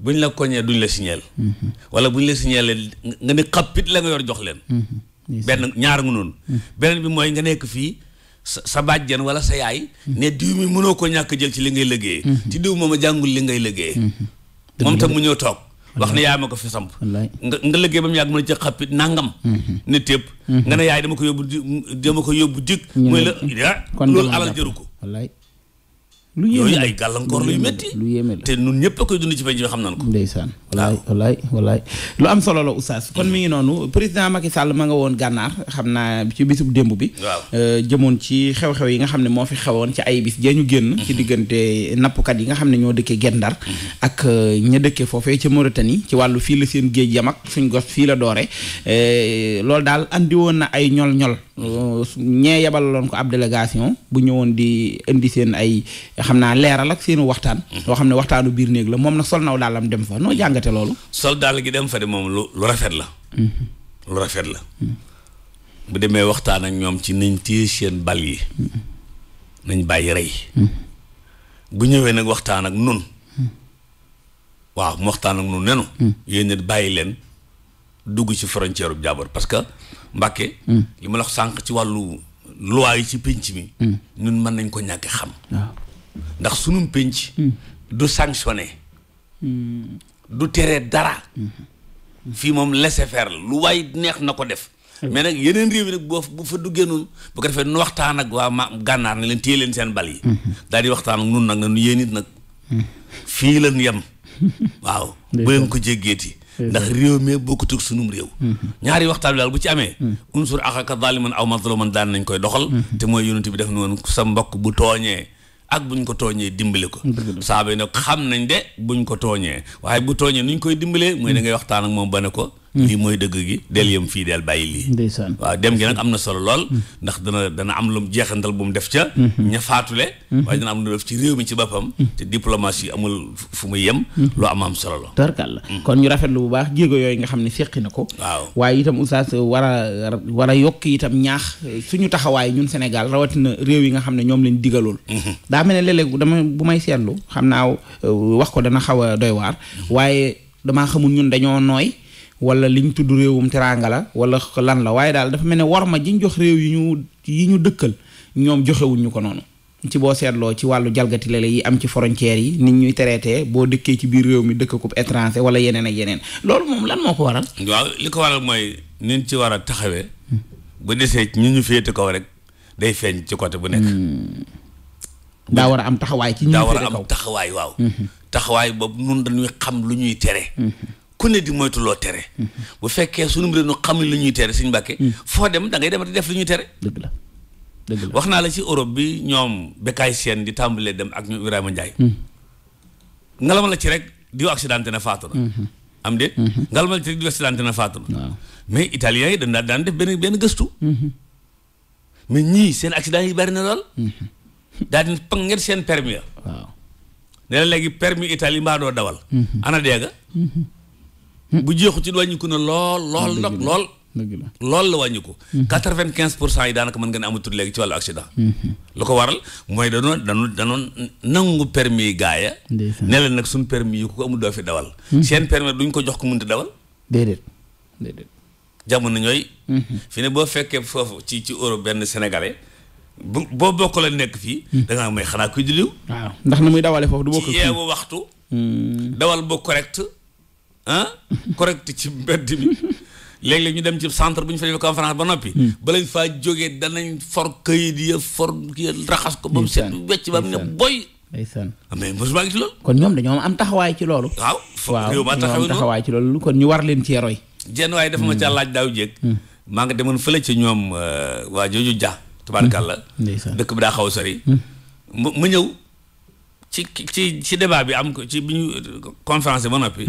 buñ la koñee duñ la signeel. wala buñ la signeel nga ne xappit la nga yor jox leen. benn ñaar nga noonu. beneen bi mooy nga nekk fii. sa sa bàjjen wala sa yaay. ne diw mi mënoo ko ñàkk jël ci li ngay liggéey. ci diw moom a jàngul li ngay léggéey moom tam mu ñëw toog. wax ne yaay ma ko fi samp nga nga liggéey ba mu yàgg mën a ci xappit nangam mhm. ne tépp mhm. nga ne yaay dama ko yóbbu di dama ko yóbbu jik mooy la ah, kon loolu alal jëru ko lu yéeme ay gàllankoor luy métti lu yéeme la te ñun ñëpp a koy dund ci penc bi xam nañ ko. ndeysaan wallaay wallaay wallaay lu am solo la oustaz kon mi ngi noonu président Macky Sall ma nga woon gànnaar xam naa ci bisub démb bi. waaw euh, jëmoon ci xew-xew yi nga xam ne moo fi xewoon ci ay bis jee ñu génn. ci mhm. diggante nappkat yi nga xam ne ñoo dëkkee Gendar. Mhm. ak euh, ña dëkkee foofee ca Mauritanie ci wàllu fii la seen géej yam ak suñ gos fii la doore euh, loolu daal andi woon na ay ñol-ñol. ñee yebaloon ko ab délégation bu ñëwoon di indi seen ay xam naa leeral ak seenu waxtaan. yoo mm-hmm. xam ne waxtaanu biir néeg la moom nag sol naw dàllam dem fa noo jàngate loolu. sol dàll gi dem fa de moom lu lu rafet la. Mm-hmm. lu rafet la. Mm-hmm. bu demee waxtaan ak ñoom ci nañ téye seen bal yi. nañ bàyyi rey. bu ñëwee nag waxtaan ak nun waaw mu waxtaan ak nun nenu. yéen it bàyyi leen dugg ci frontière bu jàmbur parce que. Mbàkke mm. li ma la sànq ci wàllu loi yi ci pénc mi mm. ñun mën nañ ko ñàkk xam ah. ndax sunum pénc mm. du sanctionné du tere dara fii moom laisser la lu waay neex na ko def mais nag yeneen réew yi nag boo bu fa duggee noonu bu ko defee nu waxtaan ak waa ma gànnaar ne leen téye leen seen bal yi mm-hmm. daal di waxtaan ak nun nag ne nu yéen it nag fii lañ yem <laughs> waaw bu leen ko jéggeeti ndax réew mi bokkutug sunum réew mm-hmm. ñaari waxtaan bi daal bu ci amee mm-hmm. unsur a zaliman aw mazluman daan nañ koy doxal mm-hmm. te mooy yonent bi def na woon sa mbokk bu tooñee ak buñ ko tooñee dimbale ko saaba yi nag xam nañ de buñ ko tooñee waaye bu tooñee nuñ koy dimbalee mooy da ngay waxtaan ak moom ba ne ko Hmm. lii mooy dëgg gi del yem fii del bàyyi lii ndeysaan waaw dem gi nag am na solo lool hmm. ndax dana dana am lu mu jeexantal bu mu def ca hmm. ña faatule waaye dana am ci réew mi ci boppam te diplomatie amul fu muy yem lu am am solo la tarkal la kon ñu rafetlu bu baax jéego yooyu nga xam ne na ko waaw waaye itam oustaz a war a yokk itam suñu taxawaay ñun Sénégal rawatina réew yi nga xam ne ñoom lañ digalool daa mel ne léeg-léeg dama bu may seetlu xam euh, ko dana xaw a waaye damaa xamul ñun dañoo nooy wala liñ tudd réewum teraanga la wala lan la waaye daal dafa mel ne war ma jiñ jox réew yi ñu yi ñu dëkkal ñoom joxewuñu ko noonu ci boo seetloo ci wàllu jalgati lele yi am ci frontières yi nit ñuy traité boo dëkkee ci biir réew mi dëkk ko étranger wala yeneen ak yeneen loolu moom lan moo ko waral. waaw li ko waral mooy ni ci war a taxawee. bu desee ñu ñu féete kaw rek day feeñ ci côté bu nekk. Hmm. daa war a am taxawaay ci ñu féete kaw taxawaay waaw. Hmm. taxawaay boobu nun xam lu ñuy tere. Hmm. ku ne di moytuloo tere bu fekkee sunu mbir nu xam lu ñuy tere suñ mbàkke mm. foo dem da ngay demati def lu ñuy tere wax naa la ci Europe bi ñoom Bécaye seen di tàmbalee dem ak ñu Ibrahima Ndiaye la ci rek diw accidenté na faatu na am mm. déet ngalama la ci rek diw accidenté na faatu na mm-hmm. mm-hmm. mais italiens yi dañ daan daan def benn benn gëstu mm-hmm. mais ñii seen accident yi bari na lool daal di pang ngeen seen permis ya waaw ne léegi permis Italie mbaa doo dawal ana deega bu jeexu ci wàññiku na lool lool nag lool la loolu la wàññi ko. Mhm. quatre vingt quinze pour cent yi daanaka mën ngeen amatul léegi ci wàllu accident. Mhm. lu ko waral mooy danoon danoon danoon nangu permis gaaya ne leen nag suñ permis yi ku ko amul doo fi dawal. Mhm. seen permis duñ ko jox ko mun a dawal. déedéet jamono ñooy. fi ne boo fekkee foofu ci ci Europe benn sénégalais. bu boo bokk la nekk fii. da may xanaa kuy julliw. waaw ndax na muy dawale foofu du bokk. ci yeewu waxtu. Mm. dawal ba correct. ah <laughs> correct ci mbedd mi léeg-léeg ñu dem ci centre bu ñu fa defee conférence ba noppi. Hmm. balañ faa jógee danañ for këyit ya for kii raxas ko. ba mu set wecc ba mu ne boy. ndeysaan ah, mais mosuma gis loolu. kon ñoom dañoo am taxawaay ci loolu. waaw foofu ma taxawaay ci loolu kon ñu war leen cee roy. jenn waaye dafa ma ca hmm. laaj daaw jéeg. Hmm. maa ngi demoon fële ci ñoom euh, waa jooju ja. tubaarkàlla. ndeysaan dëkk bi daa xaw a sori. mu mu ñëw ci ci ci débat bi am ko ci bi ñu euh, conférence ba noppi.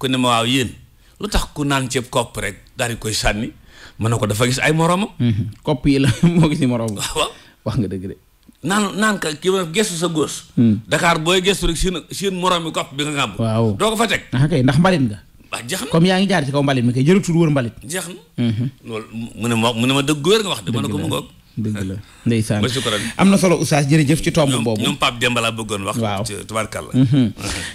ku ne ma waaw yéen lu tax ku naan ceeb kopp rek daal di koy sànni mën na ko dafa gis ay moroomam. Mhm. kopp yi la <laughs> moo gis ni moroomam. <laughs> waaw wax nga dëgg de. naan naan ka kii ma gestu sa góos. Hmm. Dakar booy gestu rek seen seen moroomi kopp bi nga ngàmb. doo ko fa teg. ah kay ndax mbalit nga. waaw jeex na comme yaa ngi jaar ci kaw mbalit mi kay jërutul wër mbalit. jeex na. Mhm. loolu mu ne ma mu ne ma dëgg wér nga wax de. dëgg la ko mu ngoog. dëgg la ndeysaan am na solo oustaz jërëjëf ci tomb boobu ñoom Pape Demba mhm.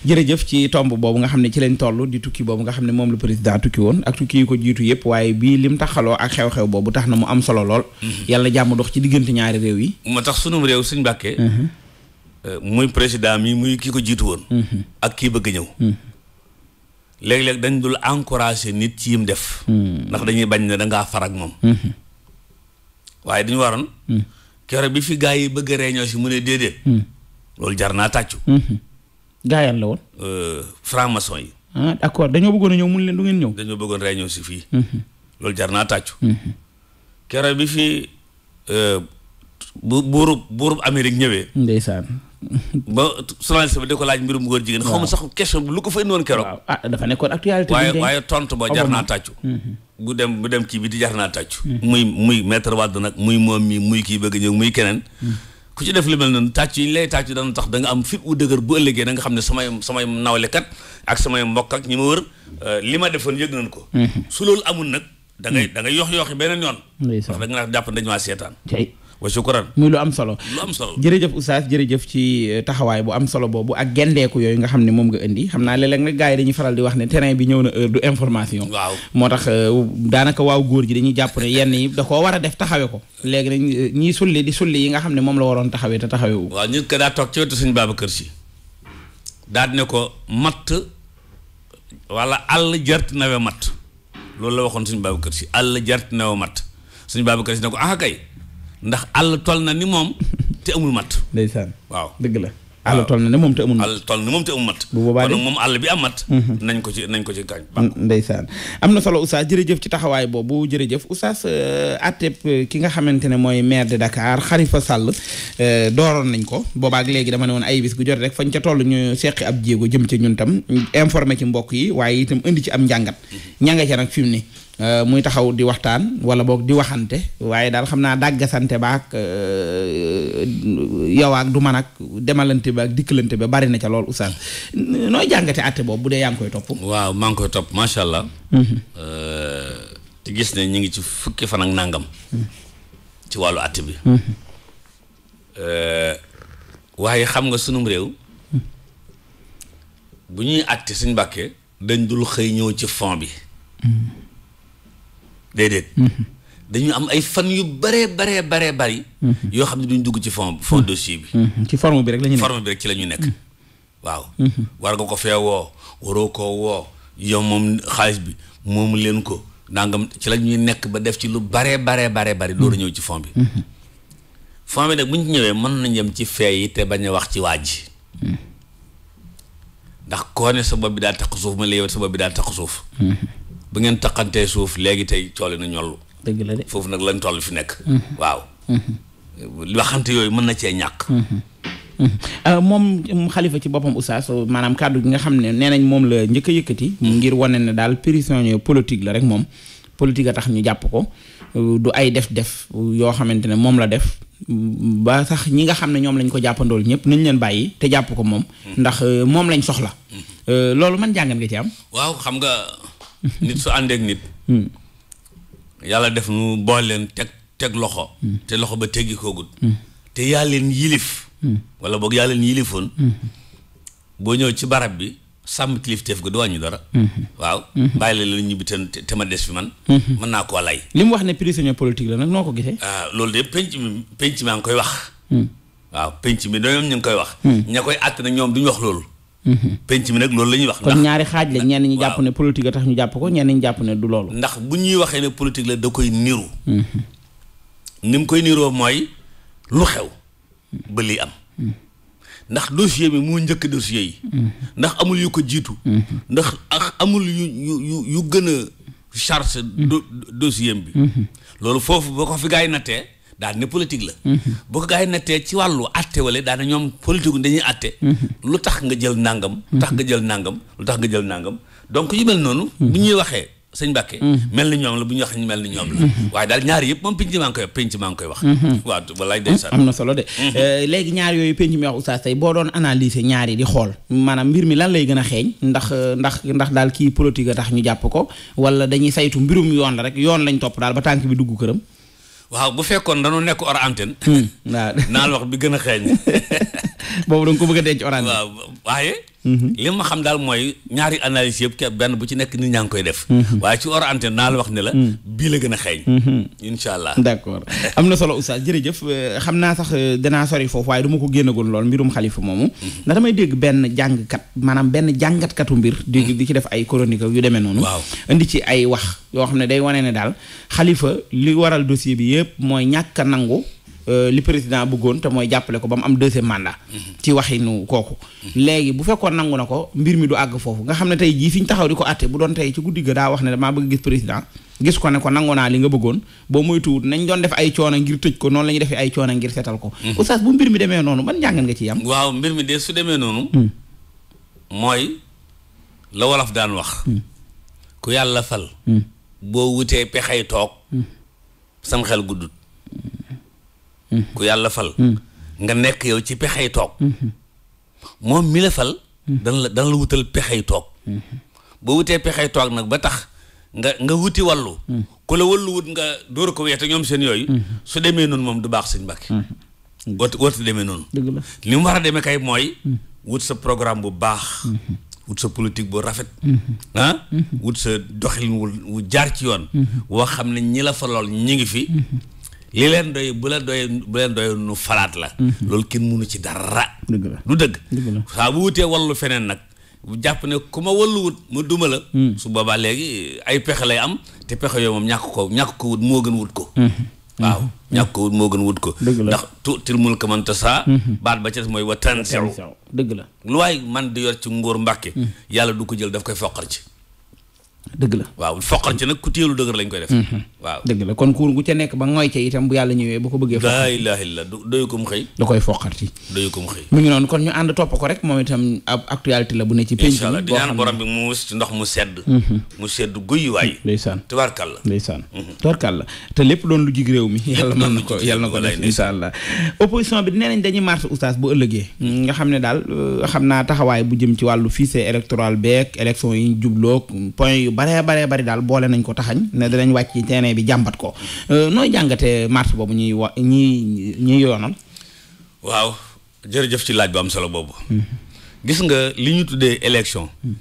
jërëjëf ci tomb boobu nga xam ne ci leen toll di tukki boobu nga xam ne moom la président tukki woon ak tukki yi ko jiitu yëpp waaye bii lim taxaloo ak xew-xew boobu tax na mu am solo lool mhm. yàlla jàmm dox ci diggante ñaari réew yi moo tax nu sunum réew suñ bàkkee mhm. euh, muy président mii muy kii ko jiitu woon ak kii bëgg ñëw léeg-léeg dañ dul encouragé nit ci yim def ndax dañuy bañ ne dangaa far ak moom waaye dañu waroon. Hmm. keroog bi fi gaa yi bëgg a réñoo si mu ne déedéet. Hmm. loolu jar naa tàccu. Hmm. gaa yan la woon. Euh, franc yi. ah d'accord dañoo bëggoon a ñëw mun leen du ngeen ñëw. dañoo bëggoon réñoo si fii. loolu jar naa tàccu. keroog bi fi euh, bu buurub buurub Amérique ñëwee. ndeysaan. ba journaliste bi di ko laaj mbirum góor jigéen. xaw ma sax question bi lu ko fa indi woon keroog. waaw ah dafa nekkoon actualité. waaye waaye tontu ba jar naa tàccu. bu dem bu dem kii bi di jar naa tàccu. muy muy maître wadd nag muy moom mii muy kii bëgg ñëw muy keneen. ku ci def li mel noonu tàcc yi ñu lay tàcc dana tax da nga am fit wu dëgër bu ëllëgee da nga xam ne samay samay nawlekat ak samay mbokk ak ñi ma wër euh, li ma defoon yëg nañ ko. Mhm. su loolu amul nag. da ngay mhm. da ngay yox yoxi beneen yoon. ndax da nga naan jàpp dañu maa seetaan. wa shukran muy lu am solo am solo jërëjëf oustaz jërëjëf ci eh, taxawaay bu am solo boobu ak gendeeku yooyu nga xam ne moom nga indi xam naa léeg-léeg nag gars yi dañuy faral di wax ne terrain bi ñëw na du information waaw moo tax eh, daanaka waaw góor gi dañuy jàpp ne yenn yi da koo war a def taxawe ko léegi nañ eh, ñiy sulli di sulli yi nga xam ne moom la waroon taxawee te taxawewu waaw ñu ko daa toog ci wetu suñ Babacar Si daal ne ko matt wala àll jart nawe matt loolu la waxoon suñ Babacar Si àll jart nawe matt suñ Babacar Si ne ko ah, ndax àll toll na ni moom te amul mat. saan waaw dëgg la. àll toll na ne moom te amul mat àll toll moom te amul mat. bu boobaa de moom àll bi am mat. Mhm. nañ ko ci nañ ko ci gaañ. saan am na solo Oustaz jërëjëf ci taxawaay boobu jërëjëf Oustaz euh, àtteeb euh, ki nga xamante ne mooy maire de Dakar fa Sall euh, dooroon nañ ko boobaak léegi dama ne woon ay bis gu jot rek fañ ca toll ñu seqi ab jéego jëm ci ñun tam informé ci mbokk yi waaye itam indi ci am njàngat mhm. ña ca nag fi mu ne. Euh, muy taxaw di waxtaan wala boog di waxante waaye daal xam naa dàggasante baak euh, yow du man ak demalante ba ak dikkalante ba bari na ca lool oustaz nooy jàngate àtte boobu bu dee yaa ngi koy topp. waaw maa ngi koy topp macha allah. Mhm. Euh, te gis ne ñu ngi ci fukki fan ak nangam. Mhm. ci wàllu àtte bi. Mhm. waaye xam nga sunum réew. bu ñuy àtte suñ bàkkee dañ dul xëy ñëw ci fond bi. déedéet. dañu am ay fan yu bëree baree baree bëri. yoo xam ne duñ dugg ci fond fond dossier bi. ci forme bi rek la ñu nekk forme bi rek ci la nekk. Mm-hmm. waaw. Mm-hmm. war nga ko fee woo waroo woo yow xaalis bi moomu leen ko nangam ci la ñuy nekk ba def ci lu baree baree baree bari loolu mm-hmm. ñëw ci fond bi. fond bi nag bu ñëwee mën nañ yem ci fee yi te bañ a wax ci waa ji. ndax koo ne sa bopp bi daal takk suuf ma lay yow sa bi daal takk suuf. bu ngeen taqantee suuf léegi tey coole na ñollu dëgg la de foofu nag lañ toll fi nekk mhm. waaw mhm. waxante yooyu mën na cee ñàkk mhm. Euh, moom xalifa ci boppam oustaz maanaam kàddu gi nga xam ne nee nañ moom la njëkk yëkkati ngir wane ne daal prisonnier politique la rek moom politique a tax ñu jàpp ko euh, du ay def-def yoo xamante ne moom la def ba sax ñi nga xam ne ñoom lañ ko jàppandool ñëpp nañ leen bàyyi te jàpp ko moom ndax euh, moom lañ soxla loolu man jàngat nga ci am waaw xam nga nit su àndeek nit yàlla def nu boole leen teg teg loxo te loxo ba teggi koogut te yaa leen yilif wala boog yàlla leen yilifoon boo ñëw ci barab bi sàmm teef ga du wàññi dara waaw bàyyi la leen ñibbi te te ma des fi man mën naa koo lay li mu wax ne prisonnier politique la nag noo ko gisee ah, loolu de penc mi penc maa ngi koy wax hmm. waaw penc mi dañoom ñu ngi koy wax hmm. ña koy àtt na ñoom duñu wax loolu Mm-hmm. penc mi nag loolu la ñuy wax. kon ñaari xaaj la ñenn ñi jàpp ne politique la tax ñu jàpp ko ñenn ñi jàpp ne du loolu. ndax bu ñuy waxee ne politique la da koy niru. Mm-hmm. ni mu koy niroo mooy lu xew ba lii am. Mm-hmm. ndax dossier bi mu njëkk dossier yi. ndax amul yu ko jiitu. ndax ak amul yu yu yu yu gën a charge dossier bi. loolu foofu boo ko fi gaay nattee. daal ne politique la. bu ko gars yi nattee ci wàllu àtte wala daana ñoom politique dañuy àtte. lu tax nga jël nangam. lu tax nga jël nangam lu tax nga jël nangam donc yi mel noonu. bu ñuy waxee sëñ Mbàkke. mel na ñoom la bu ñu wax mel ni ñoom la. waaye daal ñaar yëpp moom penc maa ngi koy penc maa ngi koy wax. waaw walaay ndeysaan. am na solo de euh, léegi ñaar yooyu penc mi wax oustaz tey boo doon analyser ñaar yi di xool maanaam mi lan lay gën a xeeñ ndax ndax ndax daal kii politique a tax ñu jàpp ko wala dañuy saytu mbirum yoon la rek yoon lañ topp daal ba tànk bi dugg këram waaw bu fekkoon dañu nekk or antenne. waaw hmm, <laughs> naa la wax bi gën a xeeñ. <laughs> boobu danga ko bëgg a denc orange. waaw waaye. Mhm. li ma xam daal mooy ñaari analyse yëpp ke benn bu ci nekk nit ñaa ngi koy def. Mhm. waaye ci hors antenne naa la wax ne la. Mhm. bii la gën a xeeñ. incha allah d' accord am na solo oustaz jërëjëf euh, xam naa sax euh, danaa sori foofu waaye duma ma ko génnagoon lool mbirum xalifa moomu. ndax damay dégg benn jàngkat maanaam benn jàngatkatu mbir. dégg di ci def ay chronique yu demee noonu. waaw indi ci ay wax yoo xam ne day wane ne daal xalifa li waral dosi bi yëpp mooy ñàkk a Euh, li président bëggoon te mooy jàppale ko ba mu am deuxième mandat. Mhm. ci waxinu kooku. Mhm. léegi bu fekkoon nangu na ko mbir mi du àgg foofu nga xam ne tey jii fi ñu taxaw di ko àtte bu doon tey ci guddi ga daa wax ne damaa bëgg gis président. gis ko ne ko nangu naa li nga bëggoon boo moytuwut nañ doon def ay coono ngir tëj ko noonu la ñuy defee ay coono ngir seetal ko. Mhm. oustaz bu mbir mi demee noonu ban njàngan nga ci yam waaw mbir mi de su demee noonu. Hmm. mooy la wolof daan wax. Hmm. ku yàlla fal. Hmm. boo wutee pexey toog. sam xel ku yàlla fal mm-hmm. nga nekk yow ci pexey toog mm-hmm. moom mi la fal mm-hmm. dana la dana la wutal pexey toog boo wutee pexey toog nag ba tax nga nga wuti wàllu ku la wàllu wut nga dóor ko weete ñoom seen yooyu su demee noonu moom du baax sëñ Mbàkke woote woote demee noonu li mu war a demee kay mooy wut sa programme bu baax wut sa politique bu rafet ah wut sa doxalin wu jaar ci yoon woo xam ne ñi la fa lool ñi ngi fi li leen doy bu la doy bu leen doy nu falaat la mhm. loolu kenn mënu ci dara dëgg du dëgg saa bu wutee wallu feneen nag bu jàpp ne ku ma wallu wut mu duma la hmm. su boobaa léegi ay pexe lay am te pexe yooyu moom ñàkk ko ñàkk ko wut moo gën wut ko hmm. Hmm. waaw ñàkk ko wut moo gën wut ko ndax tuutil mulka man tasaa baat ba ca des mooy wa tansew dëgg la lu waaye man di yor ci nguur mbàkke yàlla du ko jël daf koy foqar ci dëgg la waaw foqal ci nag ku téelu dëgër lañ koy def mhm. waaw dëgg la kon kuur gu ca nekk ba ngooy ca itam bu yàlla ñëwee bu ko bëggee laa ilaaha illa doyu ko mu xëy da koy foqarti doyu ko mu xëy mu ngi noonu kon ñu ànd topp ko rek moom itam ab actualité la bu ne ci penc bi di ñaan borom bi mu ndox mhm. mu sedd guy waay <laughs> ndeysaan la mhm. te lépp doon lu jig réew mi yàlla na ko def insha opposition bi nee nañ dañuy marche oustaz bu ëllëgee nga xam ne daal euh, xam naa taxawaay bu jëm ci wàllu fichier électoral baree baree bari daal boole nañ ko taxañ ne danañ wàcc ci terrain bi jàmbat ko euh, nooy jàngate marche boobu ñuy wa ñuy ñuy yoonal waaw jërëjëf ci laaj bu am solo boobu hmm. gis nga li ñu tuddee élection hmm.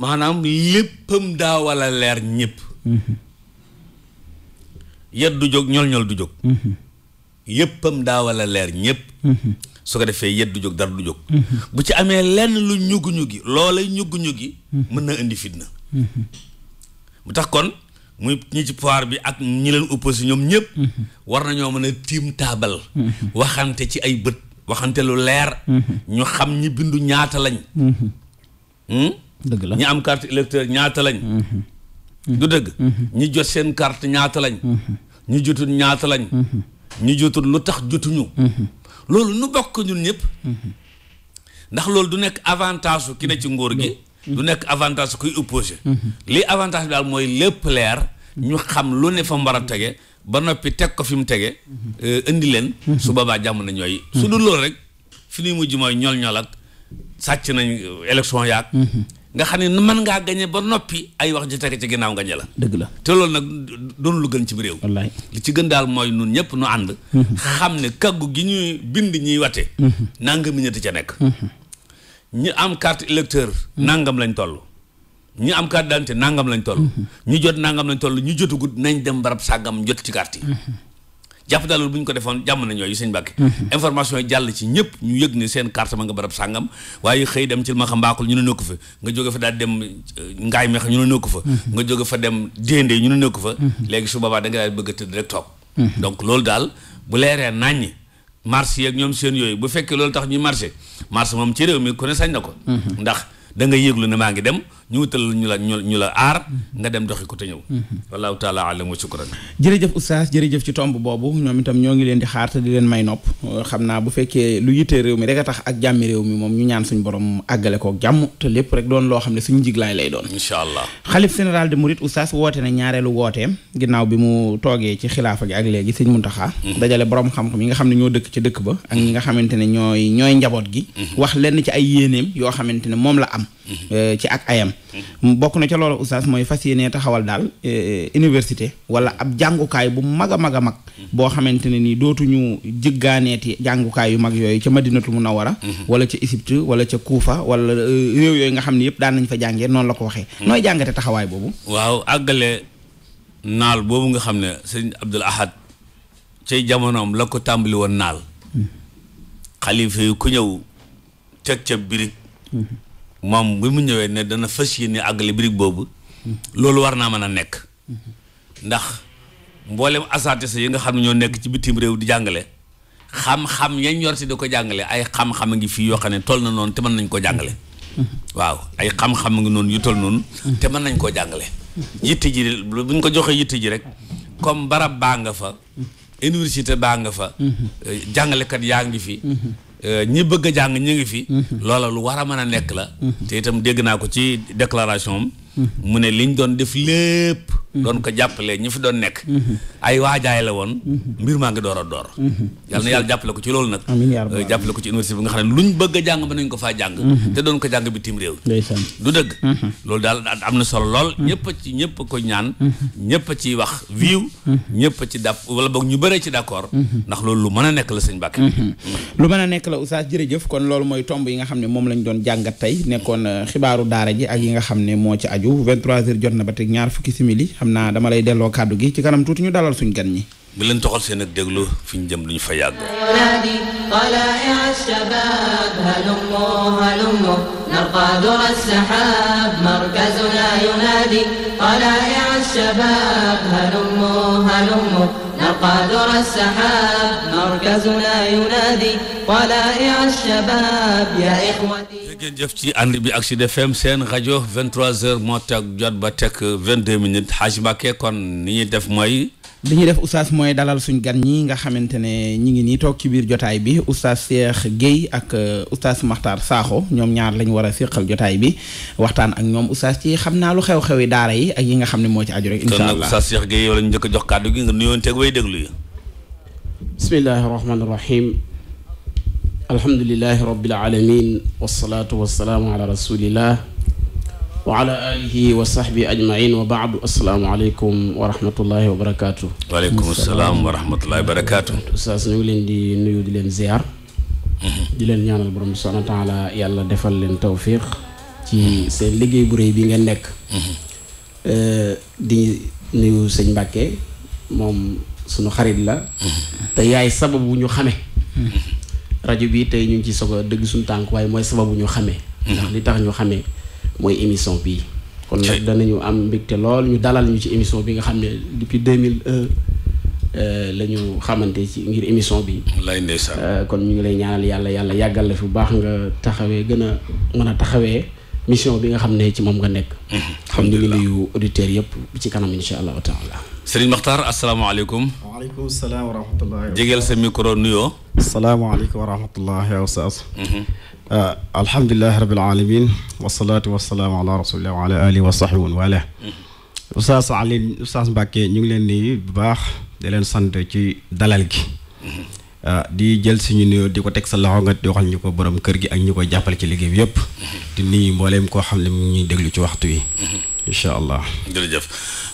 maanaam léppam daa wala leer ñëpp hmm. yet du jóg ñol ñol du jóg yéppam daa wala leer ñëpp su ko defee yet du jóg dara du jóg mm-hmm. bu ci amee lenn lu ñugg ñuggi loolay ñugg ñuggi mm-hmm. mën na indi fitna mm-hmm. mu tax kon muy ñi ci pouvoir bi ak ñi leen opposé ñoom ñëpp war nañoo mën a tiim taabal waxante ci ay bët waxante lu leer ñu xam ñi bindu ñaata lañ hmm? dëgg la ñi am carte électeur ñaata lañ du dëgg ñi jot seen carte ñaata lañ ñu jotul ñaata lañ ñu jotul lu tax jotuñu loolu nu bokk ñun ñëpp. Mhm. ndax loolu du nekk avantage su ki ne ci ngóor gi. Mhm. du nekk avantage su kuy opposé. Mhm. lii avantage daal mooy lépp leer. ñu xam lu ne fa mu war a tege ba noppi teg ko fi mu tege. Euh, indi leen. su boobaa jàmm na ñooy. su dul loolu rek fi ñuy mujj mooy ñool-ñool ak sàcc nañ élection yaag. nga xam ne mën ngaa gañe ba noppi ay wax ji tege ci ginnaaw gañe la dëgg la te loolu nag doon lu gën ci réew wallaay li ci gën daal mooy nun ñëpp nu ànd mm-hmm. xam ne kaggu gi ñuy bind ñuy wate mm-hmm. nangami ñetti ca nekk mm-hmm. ñi am carte électeur nangam lañ toll ñi am carte d'identité nangam lañ toll ñu jot nangam lañ toll ñu jotugut nañ dem barab sàggam jot ci carte yi jàpp daal bu ñu ko defoon jàmm nañ yooyu sëñ Mbàkke mhm. information yi jàll ci ñëpp ñu yëg ne seen carte ma nga barab sàngam waaye xëy dem ci ma xam mbaakul ñu ne nekku fa nga jóge fa daal dem euh, ngaay meex ñu ne nekku fa mhm. nga jóge fa dem déende ñu ne nekku fa mhm. léegi su boobaa da nga bëgg a tëdd rek toog donc loolu daal bu leeree naññi marché yeeg ñoom seen yooyu bu fekkee loolu tax ñuy marché marché moom ci réew mi ku ne sañ na ko ndax da nga yëglu ne maa ngi dem ñu wutal ñu la ñu la aar mhm. nga dem doxi ko te ñëw mhm. wallahu taala alam wa shukran jërëjëf oustaz jërëjëf ci tomb boobu ñoom itam ñoo ngi leen di xaar te di leen may nopp xam naa bu fekkee lu yittee réew mi rek a tax ak jàmmi réew mi moom ñu ñaan suñu borom àggale ko jàmm te lépp rek doon loo xam ne suñu njiglaay lay doon incha allah xalif général de Mouride oustaz woote ne ñaareelu wooteem ginnaaw bi mu toogee ci xilaafa gi ak léegi mun Muntaxa mhm. dajale borom xam yi nga xam ne ñoo dëkk ci dëkk ba ak ñi nga xamante ne ñooy ñooy njaboot gi wax lenn ci ay yéeneem yoo xamante ne moom la am eh, ci ak ayam bokk na ca loolu oustaz mooy fas yéene taxawal daal e, e, université wala ab jàngukaay bu mag a mag a mag boo xamante ne nii dootuñu jëggaaneeti jàngukaay yu mag yooyu ca madinatu madinatul munawara mhm. wala ca Égypte wala ca Kuufa wala e, réew yooyu nga xam ne yëpp daan nañ fa jàngee noonu la ko waxee mhm. nooy jàngate taxawaay boobu waaw àggale naal boobu nga xam ne sëñ Abdul Ahad cay jamonoom la ko tàmbali woon naal mhm. xalifa yu ku ñëw teg ca birig moom bi mu ñëwee ne dana fas yéene àggale birig boobu loolu war naa mën a nekk ndax mboolem asaate sa yi nga xam ne ñoo nekk ci bitim réew di jàngale xam-xam yañ yor si di ko jàngale ay xam-xam a ngi fii yoo xam ne toll na noonu te mën nañ koo jàngale waaw ay xam-xam ngi noonu yu noonu te mën nañ koo jàngale yitte ji buñ ko joxee yitte ji rek comme barab baa nga fa université baa nga fa jàngalekat yaa ngi fi Euh, ñi bëgg a jàng ñu ngi fi. Mhm. loola lu war a man a nekk la. Mhm. te itam dégg naa ko ci déclaration am mu ne liñ doon def lépp doon ko jàppale ñu fi doon nekk ay waajaay la woon mbir maa ngi door door yal na yàlla jàppale ko ci loolu nag euh, jàppale ko ci université bi nga xam ne luñ bëgg a jàng ko faa jàng te doon ko jàng bitim réew du dëgg mhm. loolu daal am na solo lool mhm. ñëpp ci ñëpp ko ñaan mhm. ñëpp ci wax viiw ñëpp ci dàpp wala boog ñu bëree ci d'accord ndax loolu lu mën a nekk la sëñ Mbàkke lu mën nekk la oustaz jërëjëf kon loolu mooy tomb yi nga xam ne moom lañ doon jàngat tey nekkoon euh, xibaaru daara ji ak yi nga xam ne moo ci aju aju 23h jot na ba teg ñaar fukki simili xam naa dama lay delloo kàddu gi ci kanam tuuti ñu dalal suñ gan ñi. bi leen toxal seen ak déglu fi ñu jëm lu ñu fa yàgg. طلائع الشباب هلموا هلموا أقادر السحاب مركزنا ينادي طلائع الشباب يا إخوتي ngeen jëf ci ànd bi ak Sud FM seen rajo 23h moo teg jot ba teg 22 minutes Hadj Mbacké kon ni ñuy def mooy li ñuy def oustaz mooy dalal suñ gan ñi nga xamante ne ñi ngi nii toog ci biir jotaay bi oustaz Cheikh Guèye ak euh, oustaz Makhtar Sakho ñoom ñaar lañ war a séqal jotaay bi waxtaan ak ñoom oustaz ci xam naa lu xew-xew yi daara yi ak yi nga xam ne moo ci aju rek incha allah oustaz yow lañ njëkk a jox kàddu gi nga nuyonteeg way déglu yi bismillahi rahmani rahim alhamdulilahi rabbil alamin wasalaatu wasalaamu ala rasulillah wa ala alihi wa sahbi ajmain wa baadu assalaamu aleykum wa rahmatullahi wa barakaatu. waaleykum salaam wa rahmatullahi wa barakaatu. ñu leen di nuyu di leen ziar. Mhm. di leen ñaanal borom bi subhaanahu wa taala yàlla defal leen tawfiq ci seen liggéey bu rëy bi ngeen nekk. Mhm. Eh, di nuyu sëñ Mbàkke moom sunu xarit la. Mhm. te yaay sababu ñu xame rajo bi tey ñu ngi ci soog a dëgg suñu tànk waaye mooy sababu ñu xamee. li tax ñu xamee. mooy émission bii. kon nag ñu am mbégte lool ñu dalal ñu ci émission bi nga xam ne depuis deux mille un euh, la ñu xamante ci ngir émission bi. wallaay euh, kon ñu ngi lay ñaanal yàlla yàlla yàggal la fi bu baax nga taxawee gën a mën a taxawee mission bi nga xam ne ci moom nga nekk. alhamdulilah mhm. ñu ngi nuyu auditeurs yëpp ci kanam incha allahu taala. Serigne Makhtar asalaamaaleykum. waaleykum salaam wa rahmatulah. jegeel sa micro nuyo salaamaaleykum wa rahmatulah yaa Oustaz. Mhm. Uh, alhamdulilah rabil aalamiin wasalaatu wasalaamu ala rasulillah wa ala alihi wa sahbihi wa wala Oustaz Alioune Oustaz Mbacke ñu ngi leen nii bu baax di leen sant ci dalal gi. Uh, di jël suñu nuyoo di ko teg sa loxo nga di waxal ñu ko borom kër gi ak ñu koy jàppale ci liggéey bi yëpp. di nuyu mbooleem koo xam ne mu ngi ñuy déglu ci waxtu yi. incha allah. jërëjëf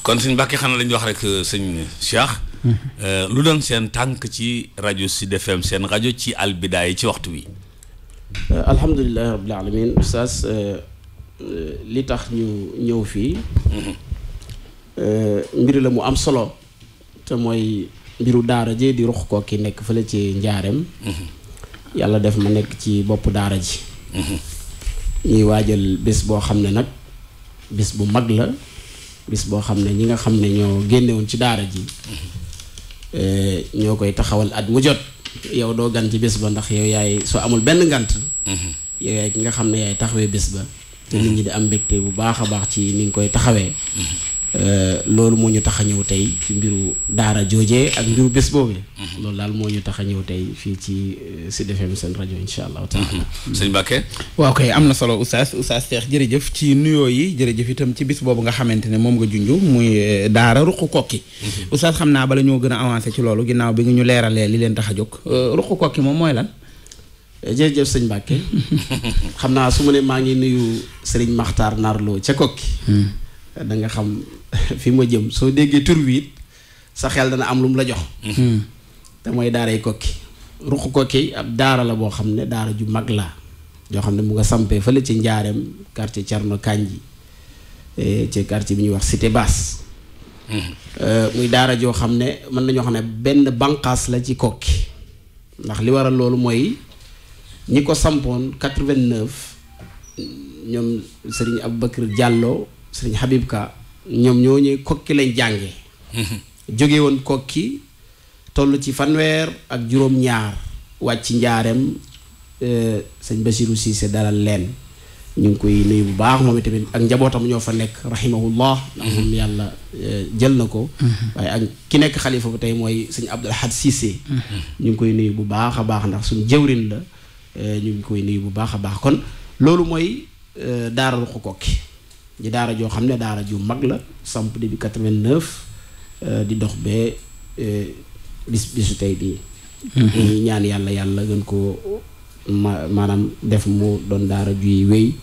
kon suñu Mbacke xanaa la ñuy wax rek uh, sëñ Cheikh. Mm-hmm. lu doon seen tànk ci rajo Sud FM seen rajo ci albidaay ci waxtu wi. Euh, alhamdulilahi rabbil alamin oustaz euh, euh, li tax ñu ñëw fii mbir la mu am solo te mooy mbiru daara jee di rux kooki nekk fële ci njaareem yàlla def ma nekk ci bopp daara ji ñuy waajal bés boo xam ne nag bés bu mag la bis boo xam ne ñi nga xam ne ñoo génnewoon ci daara ji ñoo koy taxawal at mu jot yow doo gan ci bés ba ndax yow yaay soo amul benn ngant mhm. yow yaay ki nga xam ne yaay taxawee bés ba te nit ñi di am mbégte bu baax a baax ci ni nga koy taxawee mhm. Euh, loolu moo ñu tax a ñëw tey ci mbiru daara joojee ak mbiru bés boobee. Mhm. loolu daal moo ñu tax a ñëw tey fii ci euh, defee mu seen rajo incha allah taala. Mhm. sëñ Mbacke. waaw kay am na solo oustaz oustaz Cheikh jërëjëf ci nuyoo yi jërëjëf itam ci bis boobu nga xamante ne moom nga junju muy euh, daara ruq kokki. Mhm. oustaz xam naa bala ñoo gën a avancé ci loolu ginnaaw bi nga ñu leeralee li leen tax a jóg ruq kokki moom mooy lan. jërëjëf sëñ Mbacke <laughs> xam naa su ma ne maa ngi nuyu Serigne Makhtar Narlo ca kokki hmm. da xam. <laughs> fi ma jëm soo déggee tur sa xel dana am lu mu la jox hmm. te mooy daaray kokki ruq kokki ab daara la boo xam ne daara ju mag la yoo xam ne mu nga sampee fële ci njaareem quartier Thierno Kandji e, ci quartier bi ñuy wax cité basse hmm. e, muy daara joo xam ne mën nañoo xam ne benn banqaas la ci kokki ndax li waral loolu mooy ñi ko sampoon 89 ñoom sëriñ Aboubacar Diallo sëriñ Habib Ka ñoom ñooñu kokki lañ jànge mhm. jóge woon kokki toll ci fanweer ak juróom-ñaar wàcc njaareem euh, sëñ Basiru Siise dalal leen ñu ngi koy nuyu bu baax moom itamit ak njabootam ñoo fa nekk rahimahullah mhm. ndax moom yàlla euh, jël na ko mhm. waaye ak ki nekk xalifa tey mooy sëñ Abdul Ahad ñu ngi koy nuyu bu baax a baax ndax suñ jëwrin la euh, ñu ngi koy nuyu bu baax a baax kon loolu mooy daara Ruxu Kokki di daara joo xam ne daara ju mag la samp depuis 89 euh, di dox bee euh, bis bisu tey bii. ñuy mm-hmm. ñaan yàlla yàlla gën ko ma maanaam def mu doon daara juy wéy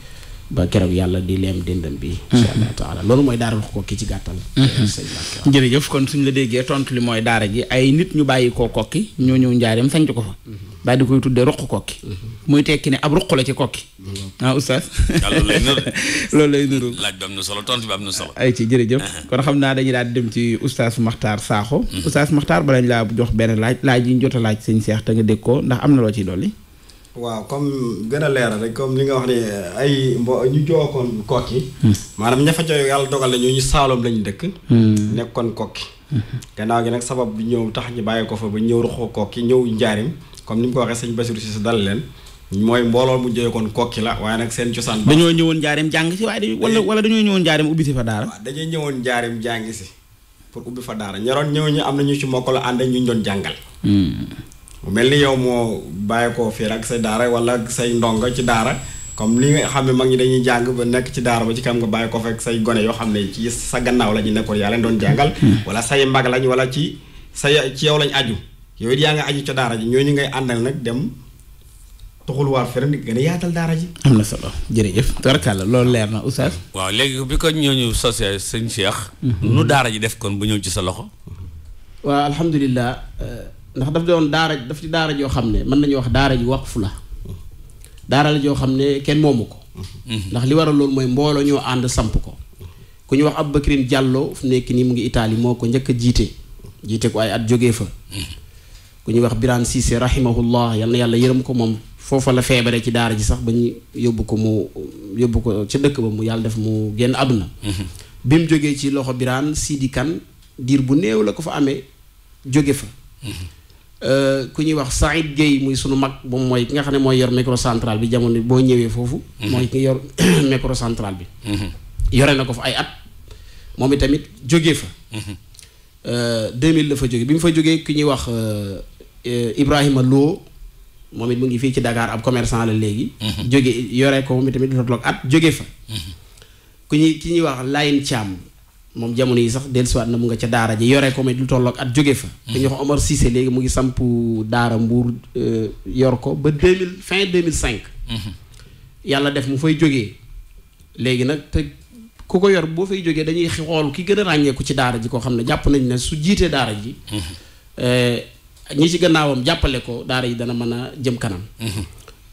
ba keroog yàlla di leem dëndam bi. incha mm-hmm. allah taala loolu mooy daara wax kokki ci gàttal. Mm-hmm. jërëjëf kon suñ la déggee tontu li mooy daara ji ay nit ñu bàyyi koo kokki ñoo ñëw njaareem sanc ko fa. bàyyi da koy tuddee ruq kokki muy tekki ne ab ruq la ci kokki mm-hmm. ah oustaz loolu lay nuru <laughs> laaj bi am na solo tontu bi am na solo ay ci jërëjëf uh-huh. kon xam naa dañuy daal di dem ci oustaz Makhtar Sakho mm-hmm. oustaz Makhtar balañ laa jox benn laaj laaj yi ñu jot laaj sëñ Seex te nga dégg ko ndax am na loo ciy dolli waaw comme gën a leeral rek comme li nga wax ne ay mbo ñu jookoon kokki mm. maanaam ña fa jooy yàlla dogal la ñu saaloom lañu dëkk mm. nekkoon kokki mm-hmm. gannaaw gi nag sabab bi ñëw tax ñu bàyyi ko fa ba ñëw ruqoo kokki ñëw njaarim comme ni mu ko waxee sëñ Basiru si sa dal leen mooy mbooloo mu jëyee kon kokki la waaye nag seen cosaan dañoo ñëwoon njaareem jàng si waaye dañu wala wala dañoo ñëwoon njaareem ubbi si fa daara waaw dañoo ñëwoon njaareem jàng si pour ubbi fa daara ñoroon ñëw ñu am na ñu ci mokk la ànd ñu doon jàngal hmm. mu mel ni yow moo bàyyi koo fii rek say daara wala say ndongo ci daara comme li nga xam ne mag ñi dañuy jàng ba nekk ci daara ba ci kanam nga bàyyi ko fekk say gone yoo xam ne ci sa gannaaw la ñu nekkoon yaa leen doon jàngal hmm. wala say mag lañ wala ci sa ci yow lañ aju yow it yaa nga aju ca daara ji ñooñu ngay àndal nag dem toxul waar fere gën a yaatal daara ji. am na solo jërëjëf. tarkalla loolu leer na oustaz. waaw léegi bi ko ñooñu sosee sëñ Cheikh. Mhm. nu daara ji def kon bu ñëw ci sa loxo. waaw alhamdulilah eh, ndax daf doon daara daf di daara joo xam ne mën nañu wax daara ji fu la daara la joo xam ne kenn moomu ko. Mhm. ndax li waral loolu mooy mbooloo ñoo ànd samp ko. ku ñu wax Aboubacrine jàlloo fu nekk nii mu ngi Italie moo ko njëkk jiite jiite at jógee fa. Mhm. ku ñuy wax Birane Cissé rahimahullah yal na yàlla yërëm ko moom foofa la feebare ci daara ji sax ba ñu yóbbu ko mu yóbbu ko ca dëkk ba mu yàlla def mu génn àdduna mhm. bi mu jógee ci loxo Birane Sidi Kane diir bu néew la ko fa amee jóge fa mhm. euh, ku ñuy wax Saïd Gueye muy sunu mag moom mooy ki nga xam ne mooy yor micro central bi jamono boo ñëwee foofu mhm. mooy ki yor <coughs> micro bi yore na ko fa ay at moom itamit jóge fa 2000 euh, la fa jógee bi mu fa jógee ki ñu wax euh, euh, Ibrahima Lo moom it mu ngi fii ci dakaar ab commerçant la léegi. Mhm. jóge yore ko moom tamit lu tolloog at fa. Mhm. ku ñuy ki ñuy wax Layin Thiam moom jamono yi sax dellusiwaat na mu nga ca Daara ji yore ko moom it lu tolloog at jóge fa. ku mhm. ñuy wax Omar Cissé léegi mu ngi samp Daara Mbour yor ko ba 2000 fin 2005. yàlla def mu fay jógee léegi nag te. ku ko yor boo fay jógee dañuy xool ki gën a ràññeeku ci daara ji koo xam ne jàpp nañ ne su jiitee daara ji eh, ñi ci gannaawam jàppale ko daara yi dana mën a jëm kanam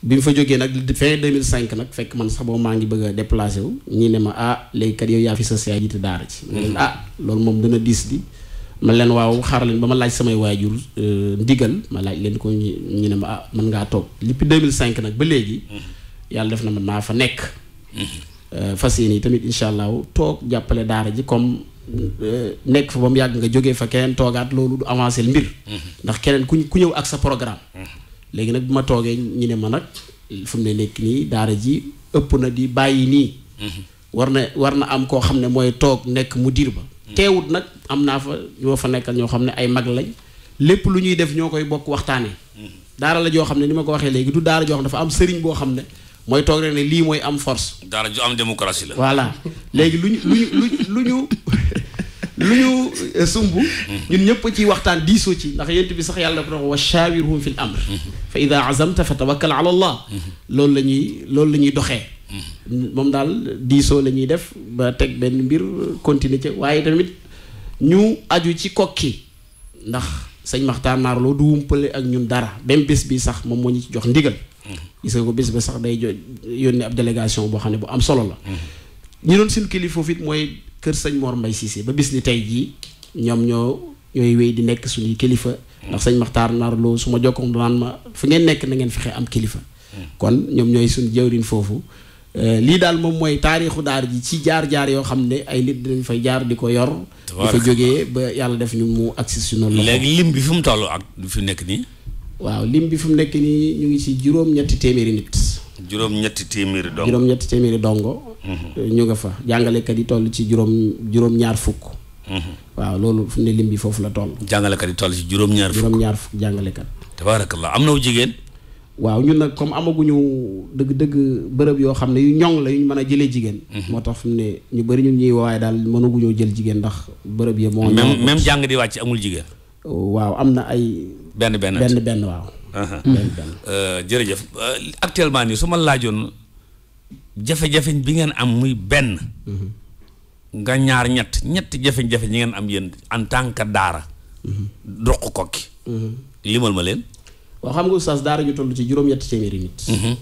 bi fa jógee nag fin 2005 nag fekk man sax maa ngi bëgg a déplacé wu ñii ne ma ah léegi kat yow yaa fi sa seey jiite daara ji ma leen ah loolu moom a diis di ma leen waaw xaar leen ba ma laaj samay waajur eh, ndigal ma laaj leen ko ñu ne ma a ah, mën ngaa toog lippi 2005 nag ba léegi yàlla def na ma maa fa nekk Euh, fas yéene yi tamit incha allah toog jàppale daara ji comme euh, nekk fa ba mu yàgg nga jógee fa keneen toogaat loolu du avancé mbir. Mhm. ndax keneen ku ku ñëw ak sa programme. Mhm. léegi nag bu ma toogee ñu ne ma nag fu mu ne nekk nii daara ji ëpp na di bàyyi nii. Mhm. war na war na am koo xam ne mooy toog nekk mu diir ba. teewut nag am naa fa ñoo fa nekkal ñoo xam ne ay mag lañ lépp lu ñuy def ñoo koy bokk waxtaanee. daara la joo xam ne ni ma ko waxee léegi du daara joo xam ne dafa am sëriñ boo xam ne. mooy toog rek ne lii mooy am force. daara ju am démocratie la. voilà léegi lu ñu lu ñu lu ñu lu ñu euh, sumb. ñun ñëpp ciy waxtaan diisoo ci ndax yent bi sax yàlla dafa wa shaawirhum fil amr. fa idaa azamta fa tawakkal ala allah. loolu la ñuy loolu la ñuy doxee. daal diisoo la def ba teg benn mbir continuer ca waaye tamit ñu aju ci kokki ndax. sëñ Maxtaar Naar loo du wumpale ak ñun dara même bés bi sax moom moo ñu ci jox ndigal. Mm-hmm. gis nga ko bés ba sax day jo yónnee ab délégation boo xam ne bu am solo la. Mm-hmm. ñu doon suñu kilifa foofu it mooy kër sañ Mor Mbaye Cissé ba bés ni tey jii ñoom ñoo ñooy wéy di nekk suñuy kilifa. Mm-hmm. ndax sëñ Maxtaar naarloo loo su ma jokkoon daan ma fu ngeen nekk na ngeen fexe am kilifa. kon ñoom ñooy suñu jëwriñ foofu. Euh, lii daal moom mooy taarixu daar ji ci jaar-jaar yoo xam ne ay nit dinañ fay jaar di ko yor. di fa jógee ba yàlla def ñu mu agsi si noonu léegi lim bi fi mu toll ak fi nekk nii. waaw lim bi fi mu nekk nii ñu ngi ci juróom-ñetti téeméeri nit. juróom-ñetti téeméeri dongo juróom-ñetti téeméeri dongo. Mhm. ñu ngi fa jàngalekat yi toll ci juróom juróom-ñaar fukk. Mhm. waaw loolu fi mu ne lim bi foofu la toll. jàngalekat yi toll ci juróom-ñaar fukk juróom-ñaar fukk am na wu jigéen. waaw ñun nag comme amaguñu dëgg-dëgg bërëb yoo xam ne yu ñoŋ la yu mën a jëlee jigéen. Mhm. moo tax fi mu ne ñu bëri ñun ñuy waaye daal mënaguñoo jël jigéen ndax bërëb yi moo. même même jàng di wàcc amul jigéen. waaw am na ay. benn benn benn benn waaw. benn benn. Euh, jërëjëf euh, actuellement nii su ma laajoon jafe-jafe bi ngeen am muy benn. Mhm. nga ñaar ñett ñett jafe-jafe ñi ngeen am yéen en tant que daara. doq mhm. kokki limal ma leen. waaw xam nga oustaz daara ñu toll ci juróom-ñetti téeméeri nit. Mm-hmm.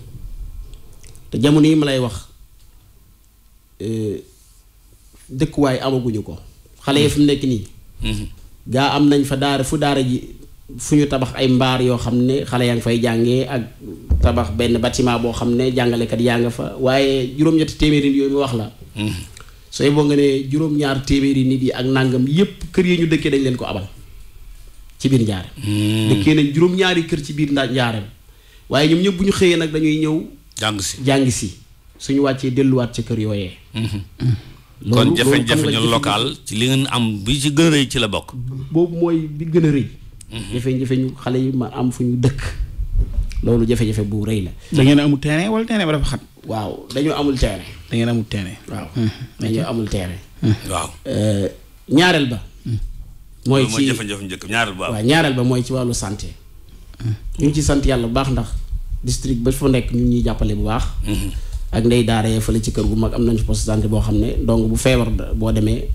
te jamono yi ma lay wax e, dëkkuwaay amaguñu ko. xale yi mm-hmm. fi mu nekk nii. Mm-hmm. gaa am nañ fa daara fu daara ji fu ñu tabax ay mbaar yoo xam ne xale yaa ngi fay jàngee ak tabax benn bâtiment boo xam ne jàngalekat yaa nga fa waaye juróom-ñetti téeméeri nit yooyu mu wax la. sooy boo nga ne juróom-ñaar téeméeri nit yi ak nàngam yépp kër yi ñu dëkkee dañ leen ko abal. ci biir njaareem hmm. dëkkee nañ juróom-ñaari kër ci biir ndaa njaareem waaye ñoom ñëpp bu ñu xëyee nag dañuy ñëw jàng si jàng si suñu wàccee delluwaat ci kër yooyee hmm. Hmm. loolu kon jafe-jafe ñu local ci li ngeen am bi ci gën a rëy ci la bokk boobu mooy bi gën a rëy jafe-jafe ñu xale yi ma am fu ñu dëkk loolu jafe-jafe bu rëy la da ngeen amul wal wala terrain ba dafa xat waaw dañoo amul terrain da ngeen amul waaw euh, ñaareel ba mooy ci jafe-jafe njëkk ñaareel ba waaw ñaareel ba mooy ci wàllu sante ñu ngi ci sant yàlla bu baax ndax district ba fa nekk ñu ngi ñuy jàppale bu baax mhm. ak ndey daara yee fële ci kër gu mag am nañu poste santé boo xam ne donc bu feebar boo demee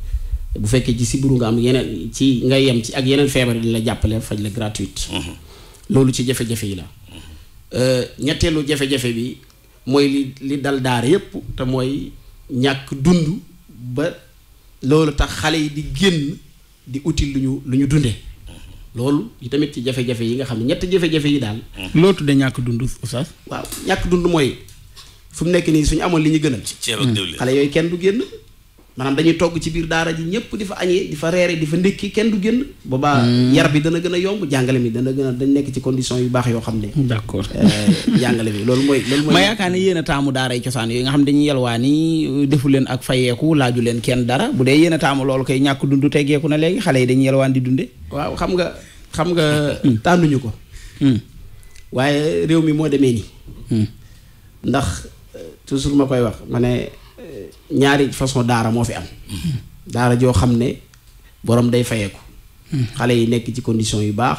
bu fekkee ci sibiru nga am yeneen ci nga yem ci ak yeneen feebar yi la jàppale faj la gratuite mhm. loolu ci jafe-jafe yi la mhm. euh, ñetteelu jafe-jafe bi mooy li li dal daara yépp te mooy ñàkk dund ba loolu tax xale yi di génn di uti lu ñu lu ñu dundee loolu tamit ci jafe-jafe yi nga xam ne ñett jafe-jafe yi daal. loo de ñàkk dund oustaz. waaw ñàkk dund mooy fu mu nekk nii suñu amoon li ñu gënal. ceeb ak diwlin xale yooyu kenn du génn. maanaam dañuy togg ci biir daara ji ñëpp di fa añee di fa reere di fa ndékki kenn du génn boobaa hmm. yar bi dana gën a yomb jàngale mi dana gën a dañ nekk ci condition yu baax yoo xam ne d'accord eh, jàngale bi loolu mooy loolu mooy <laughs> ma yaakaar ne yéen a taamu daara yi cosaan yooyu nga xam ne dañuy yalwaa ni euh, defu leen ak fayeeku laaju leen kenn dara bu dee yéen a taamu loolu koy ñàkk dund teggeeku na léegi xale yi dañuy yalwaan di dunde waaw xam nga xam nga <coughs> hmm. tànnuñu ko hmm. waaye réew mi moo demee nii ndax euh, toujours ma koy wax ma ne ñaari façon daara moo fi am daara joo xam ne boroom day fayeeku xale yi nekk ci condition yu baax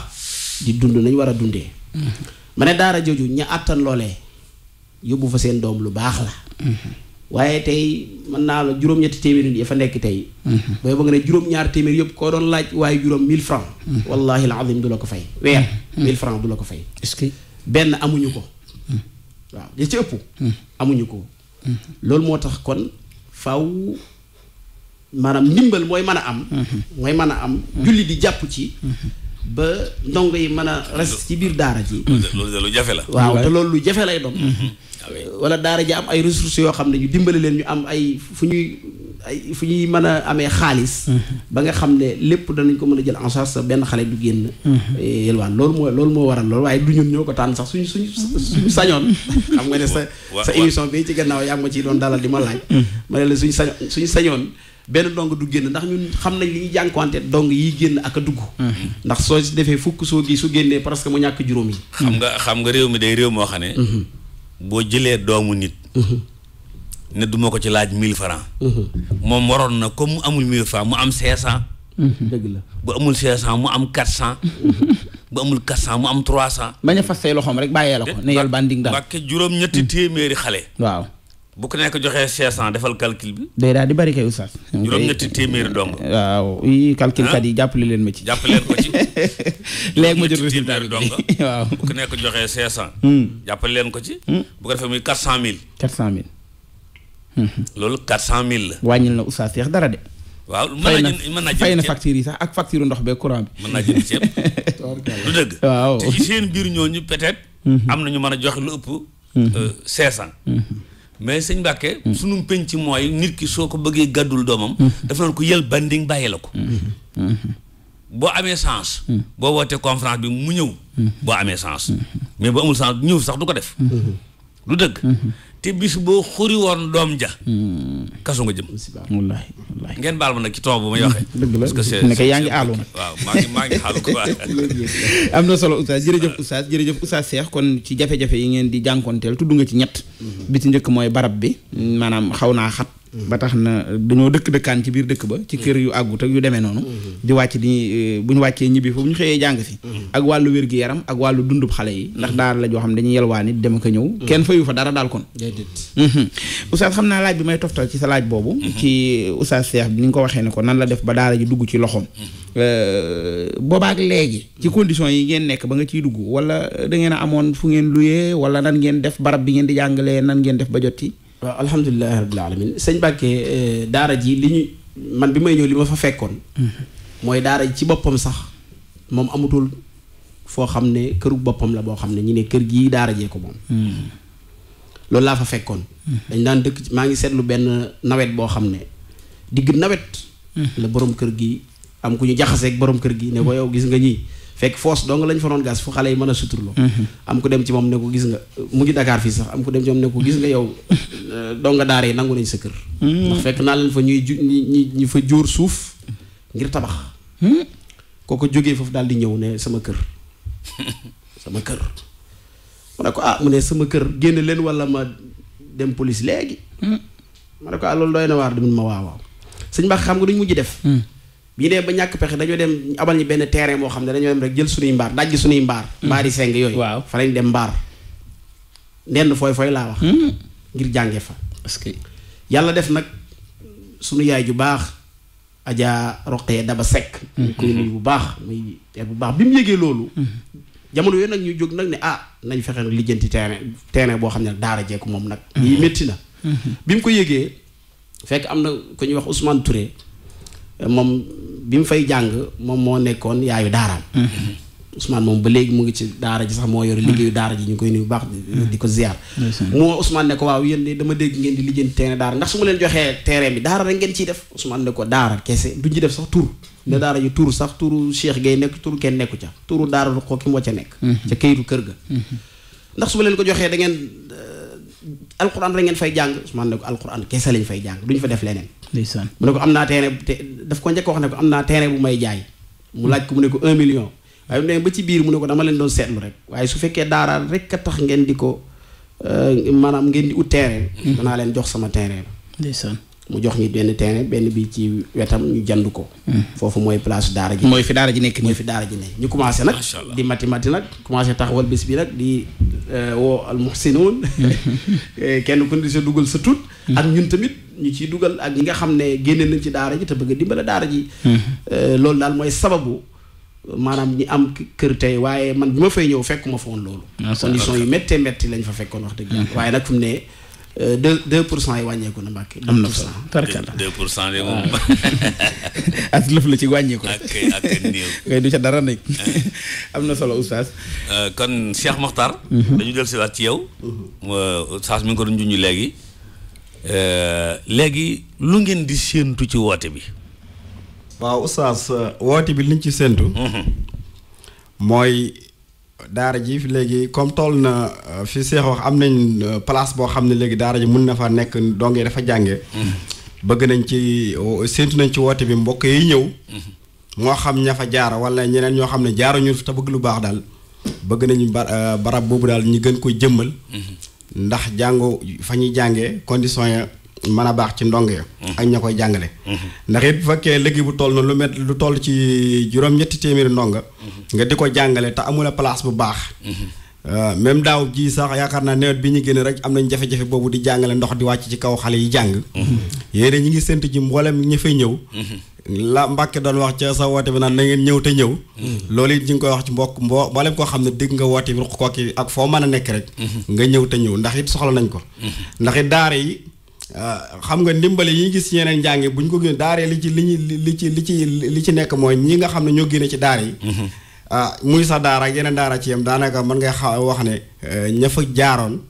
di dund nañ war a dundee ma ne daara jooju ña àttan loolee yóbbu fa seen doom lu baax la waaye tey mën naa la juróom-ñetti téeméer yi fa nekk tey booy ba na ne juróom-ñaar téeméer yëpp koo doon laaj waaye juróom mille francs wallahi al du la ko fay weer mille francs du la ko fay est que benn amuñu ko hmm. waaw li ci ëpp hmm. amuñu ko loolu moo tax kon faw maanaam ndimbal mooy mën a am mooy mën a am julli di jàpp ci ba ndongo yi mën a res ci biir daara ji loolu de jafe la waaw te loolu lu jafe lay doon mm-hmm. wala daara ji am ay ressources yoo xam ne ñu dimbali leen ñu am ay fu ñuy ay fu ñuy mën a amee xaalis. Mm-hmm. ba nga xam ne lépp danañ ko mën a jël en charge sa benn xale du génn. Mm-hmm. Eh, yelwaan loolu moo loolu moo waral loolu waaye du ñun ñoo ko tànn sax suñu suñu mm-hmm. sañoon. <laughs> xam nga ne sa sa émission bi ci gannaaw yaa ma ciy doon dalal di ma laaj. ma ne la suñu sañoon suñu sañoon. benn dong du génn ndax ñun xam nañ li ñuy jànkuwante dong yi génn ak a dugg ndax soo defee fukk soo gi su génnee parce que mu ñàkk juróom yi xam nga xam nga réew mi day réew moo xam ne boo jëlee doomu nit ne du ma ko ci laaj mille francs moom waroon na comme mu amul mille francs mu am cinq cent dëgg la bu amul cinq cent mu am quatre cent bu amul quatre cent mu am trois cent ba a fas say loxoom rek bàyyee la ko ne yol baa ndig daal wàkke juróom ñetti téeméeri xale waaw bu ko nekk joxee cinq cent defal calcul bi day daal di bari kay oustaz juróom-ñetti téeméeri dong waaw i calcul ah. kat yi jàppale leen ma ci jàppale leen ko ci <laughs> léegi ma jël résultat bi <laughs> nekk joxee cinq cent hmm. jàppale leen ko ci hmm. bu ko defee muy cent mille quatre cent mille Mhm. loolu quatre cent mille la. wàññil na usa Seex dara de. waaw mën naa jënd mën naa na facture yi sax ak facture ndox beeg courant bi. mën naa jënd ceeb <laughs> du dëgg. te seen biir ñooñu peut-être. Mhm. am na ñu man a joxe lu ëpp. Mhm. Euh, cinq cent. mais sëñ Mbàkke sunu penc mooy nit ki soo ko bëggee gàddul doomam. dafa ko yël banding bàyyi la ko. boo amee sens. boo wootee conférence bi mu ñëw. boo amee sens. mais boo amul sens ñëw sax du ko def. du dëgg. te bis boo xuri woon doom ja hmm. kaso nga jëm wallaahi wallaahi ngeen baal ma nag ci toog bu may waxee hmm. dëgg la parce que nekk yaa ngi aalu nag waaw maa ngi maa ngi <laughs> am na solo oustaz jërëjëf oustaz jërëjëf oustaz Seex kon ci jafe-jafe yi ngeen di jànkoonteel tudd nga ci ñett hmm. bi ci njëkk mooy barab bi maanaam xaw naa xat ba tax na dañoo dëkk dëkkaan ci biir dëkk ba ci kër yu àggut ak yu demee noonu di wàcc di eh, bu ñu wàccee ñibbi foofu ñu xëyee jàng si ak wàllu wér gi yaram ak wàllu dundub xale yi ndax daal la joo xam ne dañuy yelwaa nit dem ko ñëw kenn fayu fa dara daal kon mhm. oustaz xam naa laaj bi may toftal ci sa laaj boobu mhm. ci oustaz Cheikh bi ni nga ko waxee ne ko nan la def ba daal ji dugg ci loxoom mhm. euh, boobaak léegi ci condition yi ngeen nekk ba nga ciy dugg wala da ngeen amoon fu ngeen luyee wala nan ngeen def barab bi ngeen di jàngalee nan ngeen def ba jot ci waaw alhamdulilahi rabbil alamin sëñ Mbàkke eh, daara ji li ñu man bi may ñëw li ma fa fekkoon mhm. mooy daara ji ci boppam sax moom amutul foo xam ne këru boppam la boo xam ne ñu ne kër gii daara jee ko moom mhm. loolu laa fa fekkoon mhm. dañ daan dëkk ci maa ngi seetlu benn nawet boo xam ne digg nawet la borom kër gi am ku ñu jaxaseeg borom kër gi ne ko yow gis nga ñii fekk foos dong lañ fa doon gas fu xale yi mën a suturloo mhm. am ko dem ci moom ne ko gis nga mu ngi Dakar fii sax am ku dem ci moom ne ko gis nga yow <laughs> donga daara yi nangu nañ sa kër mhm. ndax fekk naa leen fa ñuy ju ñi ñu fa jóor suuf ngir tabax hmm? koo ko jógee foofu daal di ñëw ne sama kër <laughs> sama kër mu ko ah sama kër génn leen walla ma dem police léegi ma hmm. ne ko ah loolu doy na waar di mun ma waawaaw sëñ Ba xam nga duñ mujj def hmm. bi dee ba ñàkk pexe dañoo dem abal ñi benn terrain boo xam ne dañoo dem rek jël suñuy mbaar dajji suñuy mbaar mm. mbaari seng yooyu waaw fa lañ dem mbaar ndend fooy fooy laa wax mm. ngir jànge fa parce que yàlla def nag suñu yaay ju baax ajaa roqee daba sekk mm. ñu koy nuyu bu baax muy bu baax bi mu yégee loolu jamono yooyu nag ñu jóg nag ne ah nañ fexe nag lijjanti terrain terrain boo xam ne daara jeeku moom nag lii métti na mm-hmm. bi mu ko yégee fekk am na ko ñuy wax Ousmane Touré moom bi mu fay jàng moom moo nekkoon yaayu daaraam. Mm-hmm. Ousmane moom ba léegi mu ngi ci daara ji sax moo yore liggéeyu mm-hmm. daara ji ñu koy nuyu bu baax. di ko ziar. moo Ousmane ne ko waaw yéen de dama dégg ngeen di lijjanti terrain daara ndax su ma leen joxee terrain bi daara rek ngeen ciy def Ousmane ne ko daara kese du ñu def sax tur. ne daara ji tur sax turu Cheikh gay nekk turu kenn nekku ca turu daara lu ko moo ca nekk. Mm-hmm. ca kayitu kër ga. ndax su leen ko joxee da alquran la ngeen fay jàng man ne ko alquran kese lañ fay jàng duñ fa def leneen. ndeysaan mu ne ko am naa terrain te daf ko njëkk wax ne ko am naa terrain bu may jaay. mu laaj ko mu ne ko un million. waaye ba ci biir mu ne ko dama leen doon seetlu rek waaye su fekkee daara rek a tax ngeen di ko euh, maanaam ngeen di ut terrain. Hmm. danaa leen jox sama terrain la. ndeysaan mu jox ñu benn terrain benn bii ci wetam ñu jand ko. Hmm. foofu mooy place daara ji. mooy fi daara ji nekk mooy fi daara ji nekk ñu commencé nag. di mati mati nag commencé taxawal bis bi nag di euh, woo al muhsinoon hmm. <laughs> kenn ku ne di sa dugal sa tut hmm. ak ñun tamit ñu ciy dugal ak ñi nga xam ne génne nañ ci daara ji te bëgg a dimbale daara ji. Euh, loolu daal mooy sababu. maanaam ñi am kër tey waaye man bi ma fay ñëw fekkuma fa woon loolu. condition yi méttee métti lañ fa fekkoon wax dëgg waaye nag fu ne. Euh, deux deux pour cent yi wàññeeku na Mbacke. am na fa tarkal deux pour cent de moom. as ah. <laughs> lëf la ci wàññeeku. ak ak néew. <laughs> du ca dara nekk. Ah. <laughs> am na solo oustaz. Euh, kon Cheikh Mokhtar. Mhm. dañu del siwaat ci yow. Mhm. oustaz mi ngi ko doon junj léegi. Euh, léegi lu ngeen di séentu ci woote bi. waaw woote bi liñ ci séentu. Mhm. mooy. daara ji léegi comme toll na euh, fi Seex wax am nañ euh, place boo xam ne léegi daara ji mun na fa nekk dongee dafa jànge mm-hmm. bëgg nañ ci oh, séntu nañ ci woote bi mbokk yi ñëw mm-hmm. moo xam ña fa jaara wala ñeneen ñoo xam ne jaaruñu te bëgg lu baax daal bëgg nañu euh, barab boobu daal ñu gën ko jëmmal mm-hmm. ndax jàngo fa ñu jàngee condition ya mën a baax ci ndong ya ak ña koy jàngale ndax it bu fekkee léegi bu toll na lu met lu toll ci juróom-ñetti téeméeri ndonga nga di ko jàngale te amula place bu baax euh, même daaw ji sax yaakaar naa nawet bi ñu génn rek am nañ jafe-jafe boobu di jàngale ndox di wàcc ci kaw xale yi jàng yéen ñi ngi sént ji mboolem ñi fay ñëw la Mbàkke doon wax ca sa woote bi naan na ngeen ñëw te ñëw loolu it ñu ngi koy wax ci mbokk mboo mboolem koo xam ne dégg nga woote bi ruq kooki ak foo mën a rek mm-hmm. nga ñëw te ñëw ndax it soxla nañ ko mm-hmm. Euh, xam nga ndimbali yi gis yeneen njàng bu ñu ko génn daaree li ci li ñu li ci li ci li ci nekk mooy ñii nga xam ne ñoo génne ci daar yi mm-hmm. ah, muy sax daara ak yeneen daara ci yam daanaka mën ngay xaw wax ne euh, ña fa jaaroon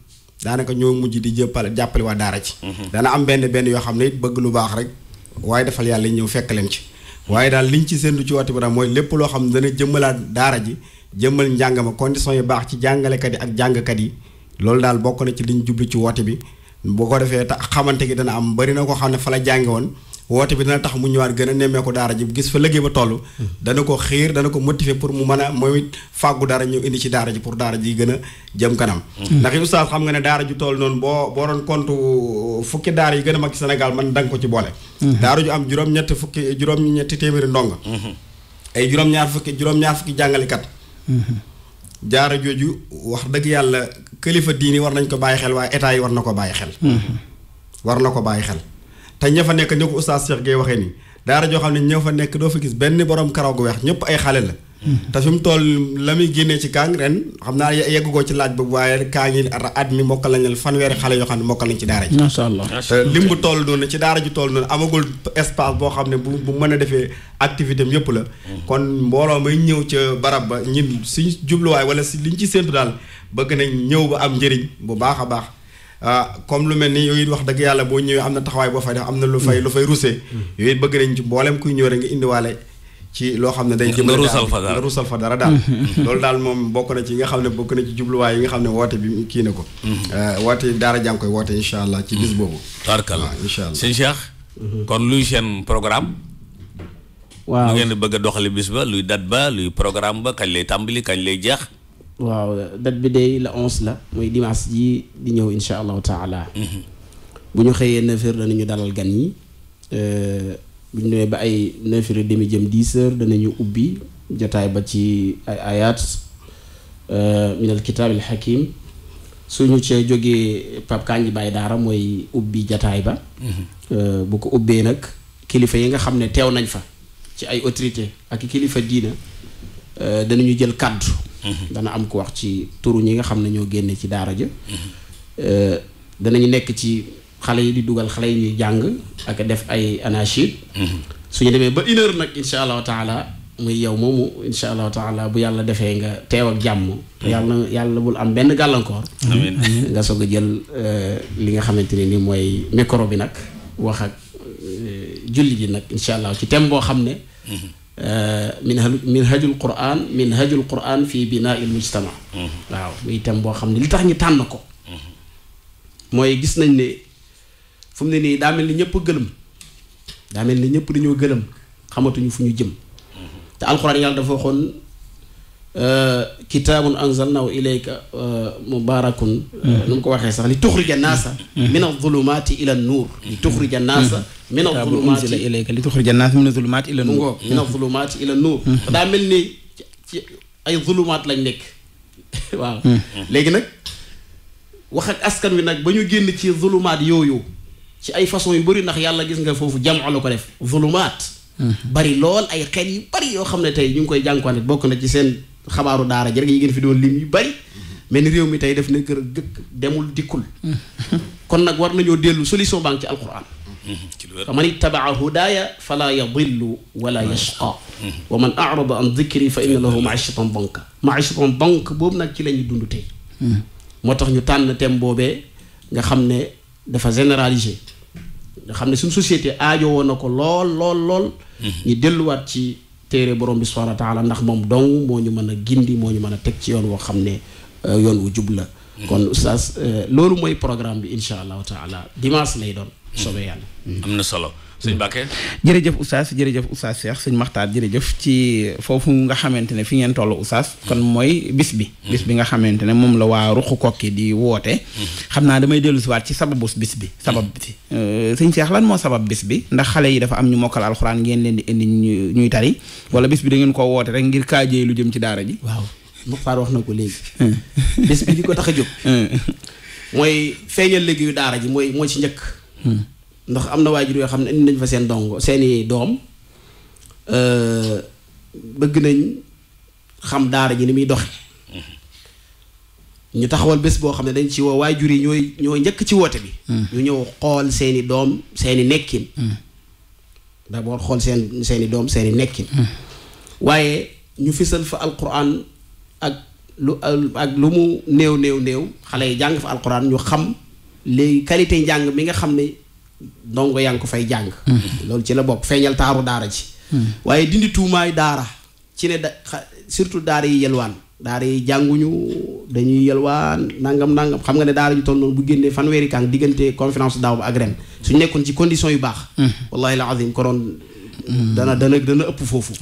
daanaka ñoo mujj di jëppal jàppale waa daara ci mm-hmm. dana am benn benn yoo xam ne it bëgg lu baax rek waaye defal yàlla ñëw fekk leen ci waaye daal liñ ci du ci waxtu bi daal mooy lépp loo xam ne dana jëmmalaat daara ji jëmmal njàng ma conditions yu baax ci jàngalekat yi ak jàngkat yi loolu daal bokk na ci liñ jublu ci woote bi boo ko defee te xamante gi dana am bari na ko xam ne fa la jànge woon woote bi dana tax mu ñëwaat gën a nemmeeku daara ji gis fa liggéey ba toll hmm. dana ko xiir dana ko motiver pour mu mën a mooy fàggu dara ñëw indi ci daara ji pour daara ji gën a jëm kanam hmm. ndax yu ustaas xam nga ne daara ju toll noonu boo boo doon compte fukki daara yi gën a mag ci Sénégal man danga ko ci boole hmm. daara ju am juróom-ñetti fukki juróom-ñetti téeméeri ndong ay juróom-ñaar fukki juróom-ñaar fukki jaara jooju wax dëgg yàlla kilifa diini war nañ ko bàyyi xel waaye état yi war na ko bàyyi xel. Mm-hmm. war na ko bàyyi xel te ña fa nekk ñoo ko oustaz Cheikh Gueye waxee nii daara joo xam ne ñëw fa nekk doo fa gis benn borom karaw gu weex ñëpp ay xale la. te fi mu toll la muy génnee ci kaang ren xam naa yegg ko ci laaj boobu waaye kaa ngi at mi mokk lañ fanweeri xale yoo xam ne mokk lañ ci daara ji. macha allah lim bu toll noonu ci amagul espace boo xam ne bu bu mën a defee activité am yëpp la. Mm. kon mbooloo may ñëw ca barab ba ñun suñ jubluwaay wala si liñ ci séntu daal bëgg nañ ñëw ba am njëriñ bu baax a baax. Ah, comme lu mel ni yooyu it wax dëgg yàlla boo ñëwee am na taxawaay boo fay def am na lu fay mm. lu fay rusee. Mm. yooyu bëgg nañ ci mboolem kuy ñëw rek nga indiwaale. ci loo xam ne day jëmale nga ruusal fa dara daal <laughs> loolu daal moom bokk na ci nga xam ne bokk na ci jubluwaay yi nga xam ne woote bi kii na ko mm-hmm. euh, woote daara jàng koy woote incha allah ci bis mm-hmm. boobu tabarkalla incha allah sëñ Cheikh mm-hmm. kon luy seen programme waaw lu ngeen bëgg a doxale bis ba luy date ba luy programme ba kañ lay tàmbali kañ lay jeex waaw date bi day la onze la mooy dimanche ji di ñëw incha allahu taala bu ñu xëyee neuf heures danañu dalal gan yi euh, bu ñu ba ay neuf heures demi jëm dix heures danañu ubbi jataay ba ci ay ayat euh, min al kitaab al hakim suñu cee jógee Pape Kandji Baye Daara mooy ubbi jataay ba mhm. euh, bu ko ubbee nag kilifa yi nga xam ne teew nañ fa ci ay autorité ak kilifa diina euh, danañu jël kàddu mhm. dana am ko wax ci turu ñi nga xam ne ñoo génne ci daara ja mhm. danañu nekk ci xale yi di dugal xale yi ñuy jàng ak def ay anachid mm-hmm. suñu demee ba une heure nag insha allahu taala muy yow moomu insha allahu taala bu yàlla defee nga teew ak jàmm mm-hmm. yàlla yàlla bul am benn gàllankoor mm-hmm. nga soog a jël euh, li nga xamante ne ni mooy micro bi nag wax ak euh, julli ji nag insha allah ci thème boo xam ne euh, minhaj minhajul quran minhajul quran fii binaa'il mujtama waaw muy thème boo xam ne li tax ñu tànn ko mooy gis nañ ne fu mu ne nii daa mel ni ñëpp gëlëm daa mel ni ñëpp dañoo gëlëm xamatuñu fu ñu jëm te alxuraan yàlla dafa waxoon euh, kitaabun anzalnahu ilayka euh, mubarakun mm-hmm. nu mu ko waxee sax li tuxrija naasa min mm-hmm. azulumaati ila nuur li tuxrija naasa min mm-hmm. azulumaati ilayka li tuxrija naasa min azulumaati ila nuur min azulumaati ila nuur daa mel ni ci ay zulumaat lañ nekk <laughs> waaw léegi nag wax ak askan wi nag ba ñu génn ci zulumaat yooyu ci ay façon yu bari ndax yàlla gis nga foofu jamono ko def zulumaat hmm. bari lool ay xel yu bari yoo xam ne tey ñu ngi koy jànkuwante bokk na ci seen xabaaru daara jërëjëf yi ngeen fi doon lim yu bari hmm. mel ni réew mi tey def na kër gëkk demul dikkul hmm. kon nag war nañoo dellu solution banque ci alquran fa man ittabaa hudaaya fala yadillu wala yashqa wa man arada an dikri fa inna lahu maishatan banka maishatan bank boobu nag ci la ñuy dund tey moo tax ñu tànn tem boobee nga xam ne dafa généralisé nga xam ne suñu société woon na ko lool lool lool mm-hmm. ñu delluwaat ci téere borom bi subhaanahu wa taala ndax moom dong moo ñu mën a gindi moo ñu mën a teg ci yoon woo xam ne euh, yoon wu jub la mm-hmm. kon oustaz euh, loolu mooy programme bi insha allahu taala dimanche lay doon soobee yàlla mm-hmm. am na solo sëñ Mbacke mm. jërëjëf oustaz jërëjëf oustaz Cheikh sëñ Makhtar jërëjëf ci foofu nga xamante ne fi ngeen toll oustaz kon mooy bis bi mm. bis bi nga xamante ne moom la waa ruqu kokki di woote mm. xam naa damay dellu siwaat ci sababu bis bi sabab bi euh, sëñ Cheikh lan moo sabab bis bi ndax xale yi dafa am ñu mokkal alxuraan ngeen leen di indi ñuy tari wala bis bi da ngeen ko woote rek ngir kaajee lu jëm ci daara ji waaw Muxtaar wax na ko léegi bis bi li ko tax a jóg mooy feeñal léegi yu daara ji mooy mooy ci njëkk ndax am na waajur yoo xam ne indi nañ fa seen dongo seeni doom euh, bëgg nañ xam daara ji ni muy doxe ñu taxawal bés boo xam ne dañ ci woo waajur yi ñooy ñooy njëkk ci woote bi hmm. ñu ñëw xool seeni doom seeni nekkin hmm. d'abord xool seen seeni doom seeni nekkin hmm. waaye ñu fisal fa alquran ak ak lu mu néew néew néew xale yi jàng fa alquran ñu xam léegi qualité njàng mi nga xam ne ndongo yaa ngi ko fay jàng mm-hmm. loolu ci la bokk feeñal taaru daara ji mm-hmm. waaye dindi tuumaay daara ci ne da surtout daara yi yelwaan daara yi jànguñu dañuy yelwaan nangam nangam xam nga ne daara ju toll noonu bu génnee fanweeri kàng diggante conférence daaw ba ak ren mm-hmm. suñ nekkoon condition yu baax wallahi la azim koroon dana dana dana ëpp foofu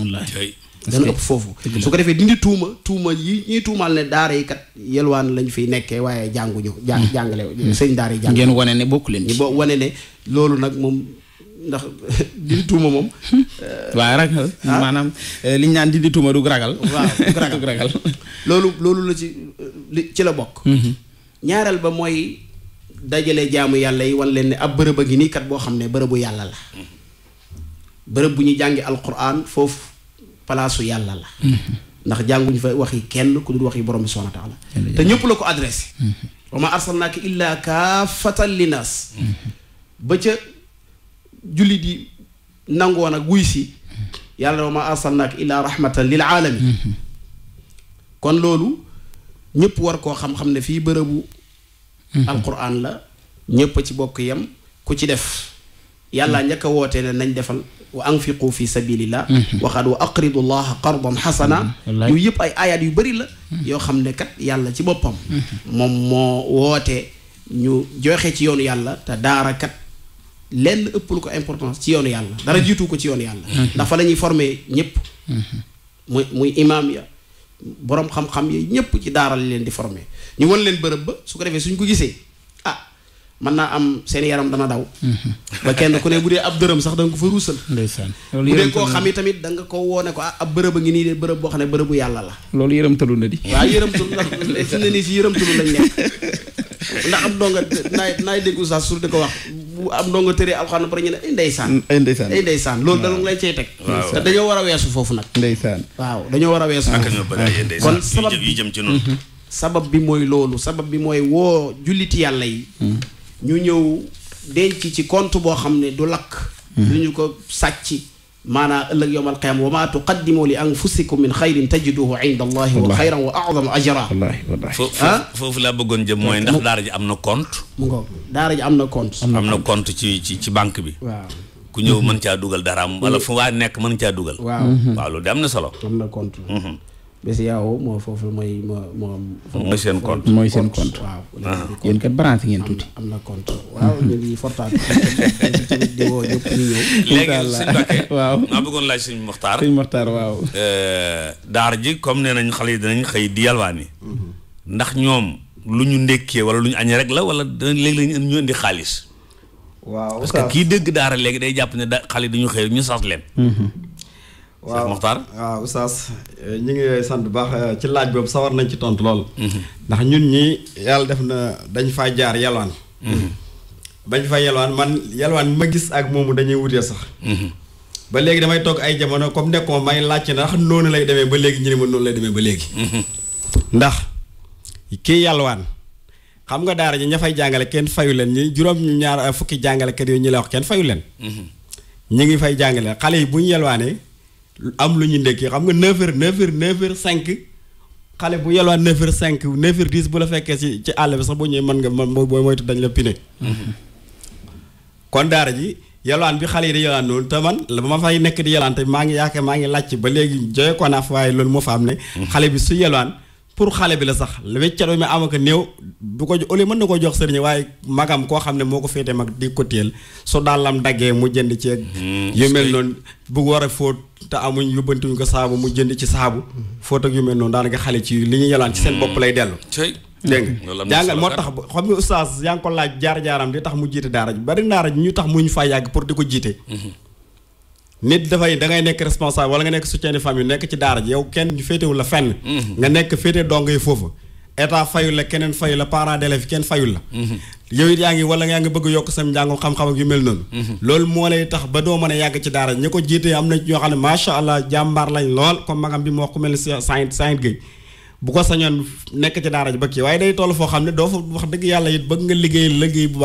dana ëpp foofu su ko defee dindi tuuma tuuma yi ñuy tuumaal ne daara yi kat yelwaan lañ fi nekkee waaye jànguñu jàng jàngale sëñ daara yi jàng ngeen wane ne bokk leen bo wane ne loolu nag moom ndax dindi tuuma moom. waa ragal. Ah? maanaam eh, liñ naan dindi tuuma du ragal. waaw <laughs> du ragal loolu loolu la ci li ci la bokk. Mm-hmm. ñaareel ba mooy dajale jaamu yàlla yi wan leen ne ab bërëb a ngi nii kat boo xam ne bërëbu yàlla la. Mm-hmm. bërëb bu ñu jàngi alquran foofu palaasu yàlla la. Mm-hmm. ndax jànguñu fa waxi kenn ku dul waxi borom bi subhaanahu te ñëpp la ko adressé. wa ma arsalnaaka illaa kaafatan linnaas ba ca jullit yi nangoon ak wuy si yàlla wa ma arsalnaak illaa rahmatan lil alamin mm-hmm. kon loolu ñépp war koo xam-xam ne fii bërëbu mm-hmm. alquran la ñëpp ci bokk yam ku ci def yàlla mm-hmm. njëkk a woote ne nañ defal wa anfiqu fi sabilillah waxaat wa aqridu llaha qardan xasana yooyu yëpp ay ayaat yu bari la yoo xam ne kat yàlla ci boppam moom moo woote ñu joxe ci yoonu yàlla te daara kat lenn ëpp lu ko importance ci yoonu yàlla dara jiitu ko ci yoonu yàlla ndax fa la ñuy formé ñëpp muy muy imaam ya boroom xam-xam ya ñëpp ci daaral leen di formé ñu won leen bërëb ba su ko defee suñ ko gisee ah mën naa am seen yaram dana daw ba kenn ku ne bu dee ab dërëm sax da ko fa ruusal ndeysaan bu dee koo xam i tamit danga nga ko woone ko ah ab bërëb a ngi nii de bërëb boo xam ne bërëbu yàlla la loolu yërëmtalu na di waaw yërëmtalu ndax fi ne nii si yërëmtalu lañ nekk ndax am ko wax bu am ndongo tëree alxuraan ba pare ñu ne ay eh, ndeysaan ay mm, eh, ndeysaan ay eh, ndeysaan loolu da nga cee teg te dañoo war a weesu foofu nag ndeysaan waaw dañoo war a weesu kon sabab yi jëm ci noonu mhm. sabab bi mooy loolu sabab bi mooy woo julliti yàlla yi mm. ñu ñëw denc ci compte boo xam ne du lakk mm. lu ñu ko sàcc maanaa ëllëg yowm alqiyaama wa maa tuqaddimu li anfusikum min xayrin tajiduhu inda allahi wa xayran wa acdama ajra ah? foofu laa bëggoon jëm mooy ndax daara ji am na compte mu daara ji am na compte am na compte ci ci banque bi waaw ku ñëw mën caa dugal daraam wala fu mm-hmm. waa nekk mën caa dugal waaw waaw loolu de am na solo am na compte mm-hmm. BCEAO moo mooy moo moo. mooy seen compte mooy seen compte. waaw ah. ngeen tuuti. am na compte waaw ñu léegi sëñ Mbacke waaw maa bëggoon laaj sëñ Moxtaar. sëñ Moxtaar waaw. Euh, daara ji comme nee nañ xale yi danañ xëy di yalwaani. Mm-hmm. ndax ñoom lu ñu ndékkee wala lu ñu añee rek la wala léeg-léeg ñu indi xaalis. waaw parce que kii dégg daara léegi day jàpp ne da xale yi dañu xëy ñu sas leen. Mm-hmm. waaw Moxtaar waaw Oustaz ñu ngi sant bu baax eh, ci laaj boobu sawar nañ ci tontu lool. Mhm. ndax ñun ñi yàlla def na dañ faa jaar yalwaan. Mhm. bañ fa yalwaan man yalwaan ma gis ak moomu dañuy wutee sax. Mhm. ba léegi damay toog ay jamono comme nekkoo may laajte ndax noonu lay demee ba léegi ñu ne ma noonu lay demee ba léegi. ndax kii yalwaan xam nga daara ji ña fay jàngale kenn fayu leen ñi juróom-ñaar eh, fukki jàngalekat yooyu ñu la wax kenn fayu leen. ñu ngi fay jàngale xale yi bu ñu yalwaanee am lu ñu ndekkee xam nga 9h 9h 9h 5 xale bu yelwaan 9h 5 9h 10 bu la fekkee ci ci àll bi sax boo ñëwee man nga man booy moytu dañ la pine. kon daara ji yelwaan bi xale yi di yelwaan noonu te man la ma fay nekk di yelwaan te maa ngi yaakaar maa ngi laajte ba léegi joye ko naaf waaye loolu moo fa am ne. Mm-hmm. xale bi su yelwaan. pour xale bi la sax weccaro mi am ko néew du ko ole mën na koo jox sëriñ waaye magam koo xam ne moo ko féete mag di ko téel su dàllam daggee mu jënd ci hmm. yu mel bu war a fóot te amuñ yóbbantuñ ko saabu mu jënd ci saabu fóot ak yu noonu daanaka xale ci li ñu yalaan ci seen bopp hmm. lay dellu dégg nga jàngal moo tax xam nga oustaz yaa ngi laaj jaar-jaaram di tax mu jiite daara ji bari daara ji ñu tax mu ñu fa yàgg pour di ko jiite hmm. nit dafay da ngay nekk responsable wala nga nekk soutien de famille nekk ci daara ji yow kenn ñu féetewul la fenn. Mhm. nga nekk féete dong yi foofu. état fayul la keneen fayul la parents d'élèves kenn fayul la. Mhm. yow it yaa ngi wala yaa ngi bëgg yokk sam njàngum xam-xam ak yu mel noonu. Mhm. loolu moo lay tax ba doo mën a yàgg ci daara ñi ko jiite am na ñoo xam ne macha allah jàmbaar lañ lool comme magam bi mu wax ku mel ni Saint Saint Guèye bu ko sañoon nekk ci daara ne doo fa wax dëgg yàlla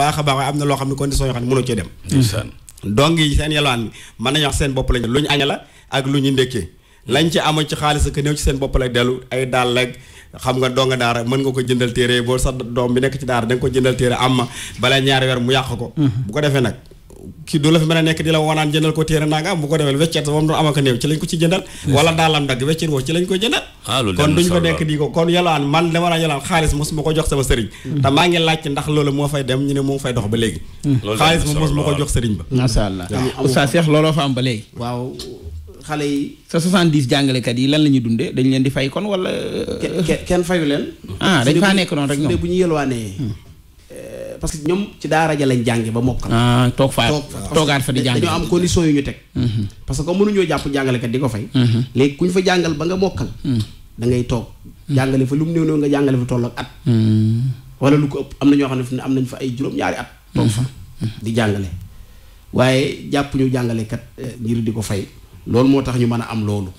a baax am na loo xam ne condition yoo xam ne mënoo cee dong yi seen yalwaan mën nañu wax seen bopp lañ lu ñu aña la ak lu ñu ndékkee lañ ci amoon ci xaalis ak néew ci seen bopp dellu ay daal lekk xam nga donga daara mën nga ko jëndal téere boo sa doom bi nekk ci daara da ko jëndal téere am ma bala ñaari weer mu yàq ko mm-hmm. bu ko defee nag kii doo la fi mën a nekk di la wanaan jëndal ko téere nangam bu ko defee weccet moom doon amaka néew ci lañ ko ci jëndal wala daalam dagg weccet woo ci lañ ko jëndal ah, kon duñ ko nekk di ko kon yalwaan man dama daan yalwaan xaalis moo fay dem ñu ne moo fay dox ba léegi hmm. xaalis moom mos ma ko jox sëriñ ba masha Allah ah, oustaz Cheikh looloo yi jàngalekat yi lan la ñuy dundee dañ leen di fay kon wala kenn fayu leen ah dañ faa nekk noonu rek bu ñu yalwaanee hmm. parce que ñoom ci daara ja lañ jànge ba mokkal ah, toog fa toogaat fa di jàng dañoo am condition yu ñu teg mhm. parce que comme mënuñoo jàpp jàngalekat di ko fay mhm. léegi ku ñu fa jàngal ba nga mokkal mhm. dangay ngay toog jàngale fa lu mu néew néew nga jàngale fa toll at wala lu ko ëpp am na ñoo xam ne fi am nañ fa ay juróom-ñaari at toog fa di jàngale waaye jàpp ñu jàngalekat eh, ngir di ko fay loolu moo tax ñu mën a am loolu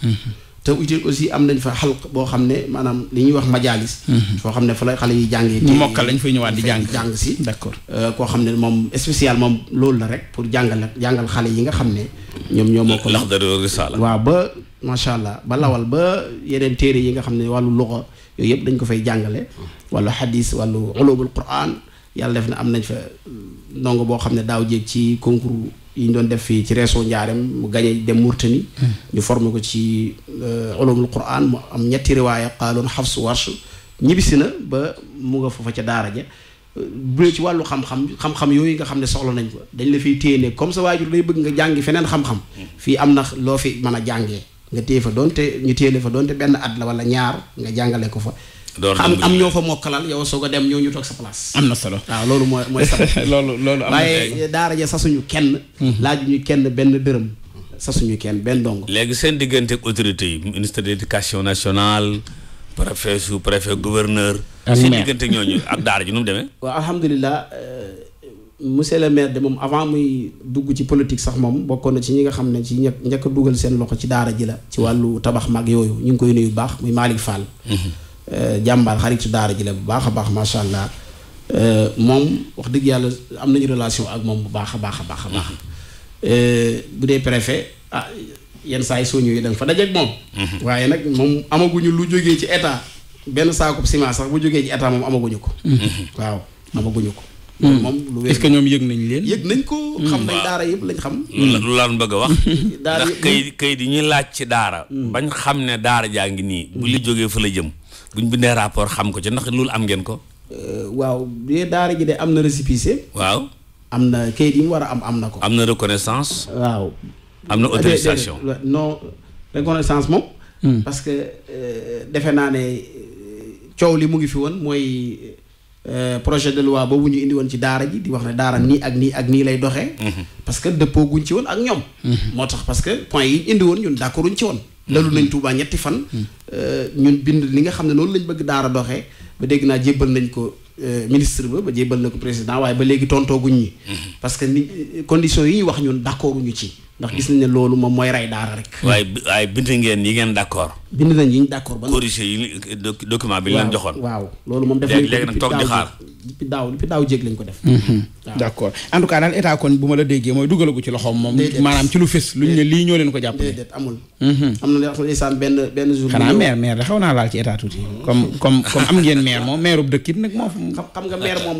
te utile aussi am nañ fa xalq boo xam ne maanaam li ñuy wax majaalis mhm. foo xam ne fa la xale yi jàngee ñu mokkal lañ fay ñëwaat di jàng jàng si d'accord euh, koo xam ne moom spécial moom loolu la rek pour jàngal jàngal xale yi nga xam ne ñoom ñoo moo ko laxdaru risaala waaw ba macha allah ba lawal ba yeneen téere yi nga xam ne wàllu luxa yooyu yëpp dañ ko fay jàngale wàllu xadis wàllu ulumul quran yàlla def na am nañ fa ndongo boo xam ne daaw jéeg ci concours yi doon def fii ci reesoo Njaareem mu gañe dem Murtani ñu forme ko ci euh, ulumul Qur'an mu am ñetti riwaaya Qaaluun Hafs Warsh ñibbisi na ba mu nga foofa ca daara ja bu ci wàllu xam-xam yooyu nga xam ne soxla nañ ko dañ la fiy téye ne comme sa waajur lay bëgg nga jàngi feneen xam-xam fii am na loo fi mën a jàngee nga téye fa doonte ñu téye fa doonte benn at la wala ñaar nga jàngale ko fa am am ñoo fa mokkalal yow soog a dem ñoo ñu toog sa place. am na solo waaw loolu mooy mooy sa <laughs> loolu loolu am na waaye daara ja sasuñu kenn. Mhm. laaju ñu kenn benn dërëm. suñu kenn benn dong. léegi seen diggante ak yi ministre de l'éducation nationale. préfet sous préfet gouverneur. ak seen diggante ñooñu ak daara ji nu mu demee. waaw alhamdulilah euh, monsieur le maire moom avant muy dugg ci politique sax moom bokkoon na ci ñi nga xam ne ci njëkk dugal seen loxo ci daara ji la. ci wàllu tabax mag yooyu ñu ngi koy nuyu bu baax muy Malick Fall. Mhm. Euh, jàmbaar ci daara ji la bu baax a baax macha allah euh, moom wax dëgg yàlla am nañu relation ak moom bu baax a baax a baax a baax mm-hmm. euh, bu dee préfet ah yenn saa yi soo ñëwee da nga fa dajeeg moom. Mm-hmm. waaye nag moom amaguñu lu jógee ci état benn saako ciment sax bu jógee ci état moom amaguñu ko. Mm-hmm. waaw amaguñu ko. moom lu est-ce ñoom yëg nañ leen. yëg nañ ko. xam nañ daara yëpp lañ xam. loolu la bëgg a wax. <laughs> daara ndax kayit kayit yi ñuy laaj ci daara. Mm. bañ xam ne daara jaa ngi nii. bu li jógee fa la jëm. buñ bindee rapport xam ko ci ndax loolu am ngeen ko. Euh, waaw bu daara ji de am na récépissé. waaw am na kayit yi mu war a am am na ko. am na reconnaissance. waaw. am na euh, autorisation non reconnaissance moom. Hmm. parce que euh, defe naa ne coow li mu ngi fi woon mooy projet de loi boobu ñu indi woon ci daara ji di wax ne daara nii ak nii ak nii lay doxee. Hmm. parce dëppoo guñ ci woon ak ñoom. Hmm. moo tax parce que point yi indi woon ñun d'accorduñ ci woon. lalu nañ Tuubaa ñetti fan. Euh, ñun bind li nga xam ne noonu lañ bëgg daara doxee ba dégg naa jébbal nañ ko euh, ministre ba ba jébbal na ko président waaye ba léegi tontooguñ ñi mm-hmm. parce que ni conditions yi ñuy wax ñun d'accorduñu ci ndax gis nañ mooy ray daara rek. waaye waaye ko léegi nag toog di xaar. depuis daaw depuis daaw jéeg lañ ko def. Mhm. d' accord en tout cas daal état kon bu ma la déggee mooy dugalagu ci loxoom moom. maanaam ci lu fës luñ ne lii ñoo leen ko jàppale. déedéet amul. Mhm. xanaa maire maire da naa laal ci état tuuti. comme comme am ngeen maire moom maire bu dëkk it nag moo. xam nga maire moom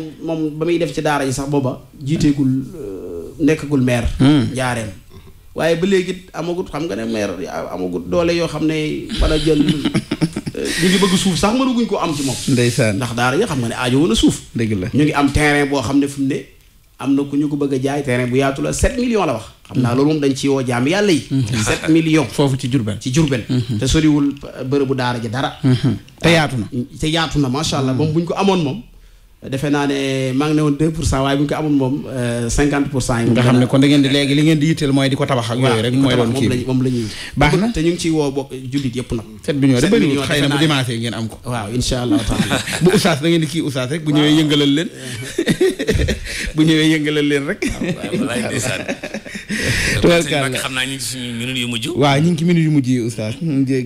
ba muy def ci daara yi sax booba jiiteegul euh, nekkagul maire. Hmm. jaareem waaye ba léegi amagut xam nga ne maire amagut doole yoo xam ne mën a jël <laughs> ñu ngi bëgg suuf sax guñ ko am ci moom. ndeysaan ndax daara ya xam nga ne aajo woon a suuf. dëgg la ñu ngi am terrain boo xam ne fu mu ne am na ku ñu ko bëgg jaay terrain bu yaatu la 7 millions la wax. xam naa mm-hmm. loolu moom dañ ci woo jaam yàlla yi. 7 mm-hmm. millions foofu ci Diourbel. ci Diourbel. Mm-hmm. te soriwul bërëbu daara ji dara. te yaatu na te yaatu na macha allah moom buñ ko amoon moom. defe naa ne maa ngi ne woon 2 pour cent waaye bu ñu ko amoon moom 50 euh, pour cent nga xam ne kon da ngeen di léegi li ngeen di yitteel mooy di ko tabax ak yooyu rek. mooy doon kii bi baax na te ñu ngi ciy woo bokk jullit yëpp nag. set bi ñëw da bëriwul xëy na bu dimanche ngeen am ko. waaw incha allah <laughs> bu oustaz da di kii oustaz rek bu ñëwee yëngalal leen <laughs> <laughs> bu ñëwee yëngalal leen rek. <laughs> tubarkalla xam naa ñu ngi suñu minute yu mujj waaw ñu ngi ci minute yu mujj yi oustaz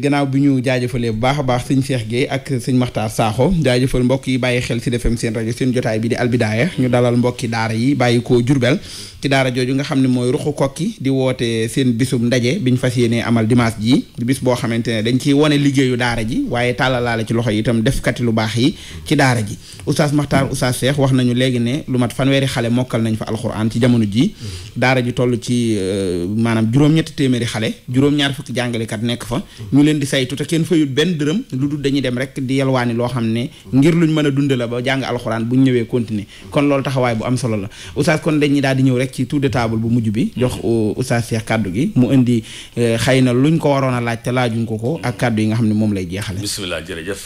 gannaaw bi ñu jaajëfalee bu baax a baax sëñ Cheikh Gueye ak sëñ Makhtar Sakho jaajëfal mbokk yi bàyyi xel si defem seen rajo seen jotaay bi di albidaaya ñu dalal mbokki daara yi bàyyi koo Jurbel ci daara jooju nga xam ne mooy ruxu kokki di woote seen bisum ndaje biñ fas yéenee amal dimanche ji di bis boo xamante ne dañ ciy wane liggéeyu daara ji waaye tàllalaale ci loxo yi itam defkati lu baax yi ci daara ji oustaz Maxtaar oustaz Cheikh wax nañu léegi ne lu mat fanweeri xale mokkal nañ fa alxuraan ci jamono ji daara ji toll ci euh, maanaam juróom-ñetti téeméeri xale juróom-ñaar fukki jàngalekat nekk fa ñu leen di saytu te kenn fayut benn dërëm lu dul dañuy dem rek di yalwaani loo xam ne ngir luñ mën a dund la ba jàng alxuraan buñ ñëwee continuer kon loolu taxawaay bu am solo la oustaz kon dañuy daal di ñëw rek ci tour de table bu mujj bi jox Oustaz Cheikh kàddu gi mu indi eh, xëy na luñ ko waroon a laaj te laajuñ ko ko ak kàddu yi nga xam ne moom lay jeexale bisimilah jërëjëf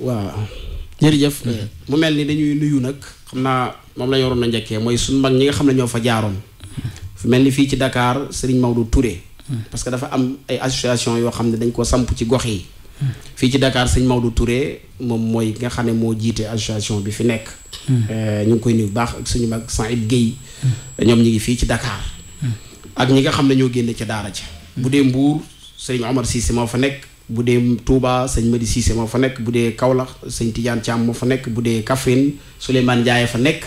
waaw jërëjëf eh, mu mel ni dañuy nuyu nag xam naa moom la waroon na njëkkee mooy suñ mag ñi nga xam ne ñoo fa jaaroon fu mel ni fii ci Dakar Serigne Maodo Touré hmm. parce que dafa am ay association yoo xam ne dañ koo samp ci gox yi fii ci Dakar sëñ Maodo ture moom mooy nga xam ne moo jiite association bi fi nekk. Eh, ñu ngi koy nuyu baax ak suñu mag Saïd Guèye. ñoom ñu ngi fii ci Dakar. ak ñi nga xam ne génne ca Daara bu dee Mbour sëñ Omar Cissé moo fa nekk. bu dee Touba sëñ Madi Cissé fa nekk bu dee Kaolack sëñ Tidiane Thiam moo fa nekk bu dee Kaffrine Souleymane Ndiaye fa nekk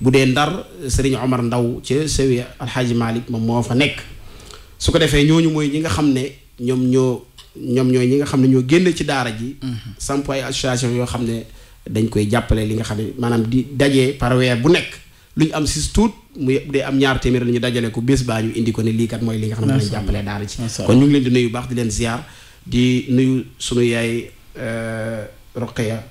bu dee Ndar sëriñ Omar Ndaw ca Sewi Alxaaji moom moo fa nekk su ñi nga xam ne ñoom ñoo ñoom ñooy ñi nga xam ne ñoo génn ci daara ji. Mm-hmm. samp ay association yoo xam ne dañ koy jàppale li nga xam ne maanaam di dajee par weer bu nekk lu ñu am si tuut muy dee am ñaar téeméer la ñu dajale ko bés baax ñu indi ko ne lii kat mooy li nga xam ne dañ jàppale daara ji. kon ñu ngi leen di nuyu baax di leen ziar di nuyu sunu yaay euh, Roqeya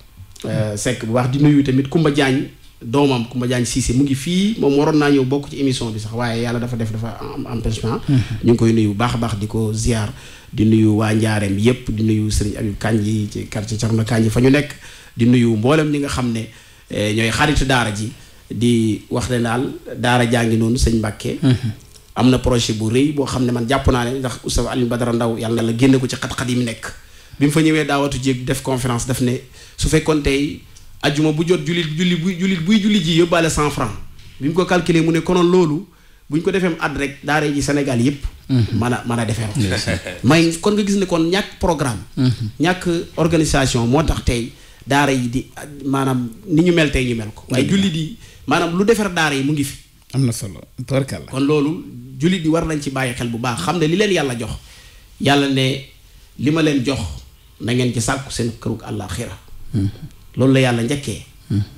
euh, Seck bu baax di nuyu tamit Kumba Diagne. doomam Kumba Diagne Cissé mu ngi fii moom waroon naa ñëw bokk ci émission bi sax waaye yàlla dafa def dafa am empêchement. Mm-hmm. ñu ngi koy nuyu bu baax a di ko ziar. di nuyu waa njaareem yépp di nuyu sëriñ Abib Kandji ci quartier Thierno Kandji fa ñu nekk di nuyu mboolem li nga xam ne eh, ñooy xaritu daara ji di wax ne daal daara jaa ngi noonu sëñ Mbàkke mhm. am na projet bu rëy boo xam ne man jàpp naa ne ndax Oustaz Alioune Badara Ndaw yàlla la génn ko ci xat-xat yi mu nekk bi mu fa ñëwee daawatu jéeg def conférence daf ne su fekkoon tey ajuma bu jot jullit julli buy jullit buy jullit ji yóbbaale cent franc bi mu ko calculer mu ne konoon loolu bu ñu ko defee at rek daara ji Sénégal yëpp. man mhm. a man a defee <laughs> may kon nga gis ne kon ñàkk programme. Mhm. ñàkk organisation moo tax tey daara yi di maanaam ni ñu mel tey ñu mel ko. waaye jullit yi maanaam lu defar daara yi mu ngi fi. am na solo tabarkalla kon loolu jullit yi war lañ ci bàyyi xel bu baax xam ne li leen yàlla jox yàlla ne li ma leen jox na ngeen ci sàkku seen kërug àllaaxira mhm. loolu la yàlla njëkkee.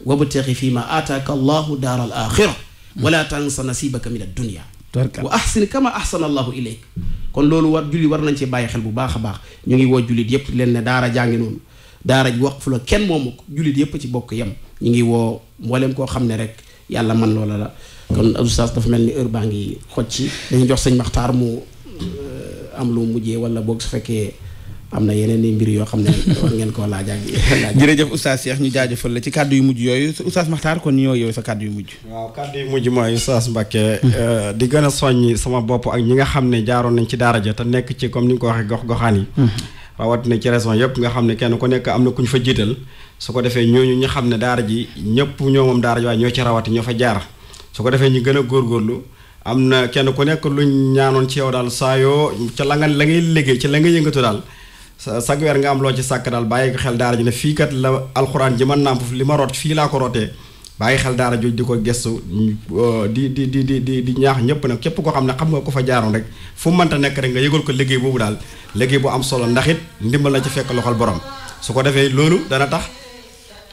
wabatexi fii ma aataaka allahu daaral axira wala tansa nasibaka min ad-dunya wa ahsin kama ahsana allahu ilayk kon loolu war julli war nañ ci bàyyi xel bu baax a baax ñu ngi woo jullit yépp leen ne daara jàngi noonu daara waqfu la kenn mu jullit yépp ci bokk yem ñu ngi woo moo leen koo xam ne rek yàlla man loola la kon oustaz dafa mel ni heure baa ngi xoj ci dañu jox sañ maxtaar mu euh, am lu mujjee wala boog su fekkee am na yeneen i mbir yoo xam ne ngeen koo laajaa ak <laughs> jërëjëf oustaz Cheikh ñu jaajëfal la ci kàddu yu mujj yooyu oustaz Makhtar kon ñoo yow sa kàddu yu mujj waaw kàddu yu mujj mooy oustaz Mbacké euh, di gën a soññ sama bopp ak ñi nga xam ne jaaroon nañ ci daara ja te nekk ci comme ni nga ko waxee gox goxaan yi mhm. rawatina ci raison yëpp nga xam ne kenn ku nekk am na kuñ fa jiital su ko defee ñooñu ñi xam ne daara ji ñëpp ñoo moom daara ji waaye ci rawati ñoo fa jaar su ko defee ñu gën a góor góorlu am na kenn ku nekk luñ ñaanoon ci yow daal saa yoo ca la nga la ngay liggéey ci la nga yëngatu daal sag weer nga am loo ci sàkk daal bàyyi xel daara ji ne fii kat la alxuraan ji man nàmp li ma root fii laa ko rootee bàyyi xel daal jooju di ko gëstu euh, di di di di di di ñaax ñëpp na képp koo xam ne xam nga ko fa jaaroon rek fu mënta nekk rek nga yëgal ko liggéey boobu daal liggéey bu am solo ndax it ndimbal na ci fekk loxol borom su ko defee loolu dana tax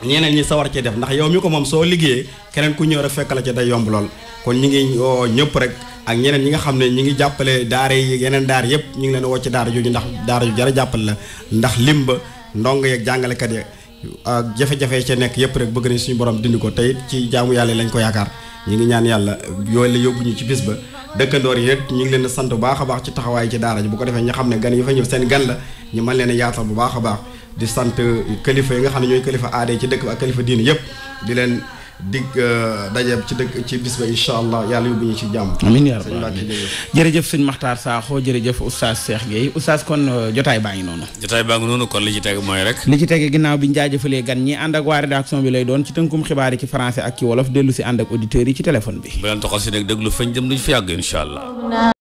ñeneen ñi sawar cee def ndax yow mi ko moom soo liggéeyee keneen ku ñëw rek fekk la ci day yomb lool kon ñi ngi euh, ñëpp rek ak ñeneen ñi nga xam ne ñi ngi jàppale daara yi yeneen daar yëpp ñu ngi leen woo ci daara jooju ndax daara jara jàppale la ndax lim ba ndongo yeeg jàngalekat ya jafe-jafe ca nekk yëpp rek bëgg nañ suñu borom dindi ko tey ci jaamu yàlla lañ ko yaakaar ñu ngi ñaan yàlla yooyu la yóbbu ñu ci bis ba dëkkandoor yi rek ñu ngi leen a sant bu baax a baax ci taxawaay ci daara ji bu ko defee ñu xam ne gan yi fa ñëw seen gan la ñu mën leen a yaatal bu baax a baax di sant kilifa yi nga xam ne ñooy kilifa aada ci dëkk bi ak kilifa diine yëpp dig euh, daje ci dëkk ci bis ba incha allah yàlla yóbbu ñu ci jàmm. amiin yaa rabbal aalamiin jërëjëf sëñ Makhtar Sakho jërëjëf oustaz Cheikh Gueye oustaz kon euh, jotaay baa ngi noonu. jotaay baa ngi noonu kon li ci teg mooy rek. li ci tege ginnaaw bi ñu jaajëfalee gan ñi ànd ak waa rédaction bi lay doon ci tënkum xibaar ci français ak ci wolof dellu si ànd ak auditeurs yi ci téléphone bi. bu leen toxal si nag déglu fañ jëm fi yàgg incha allah.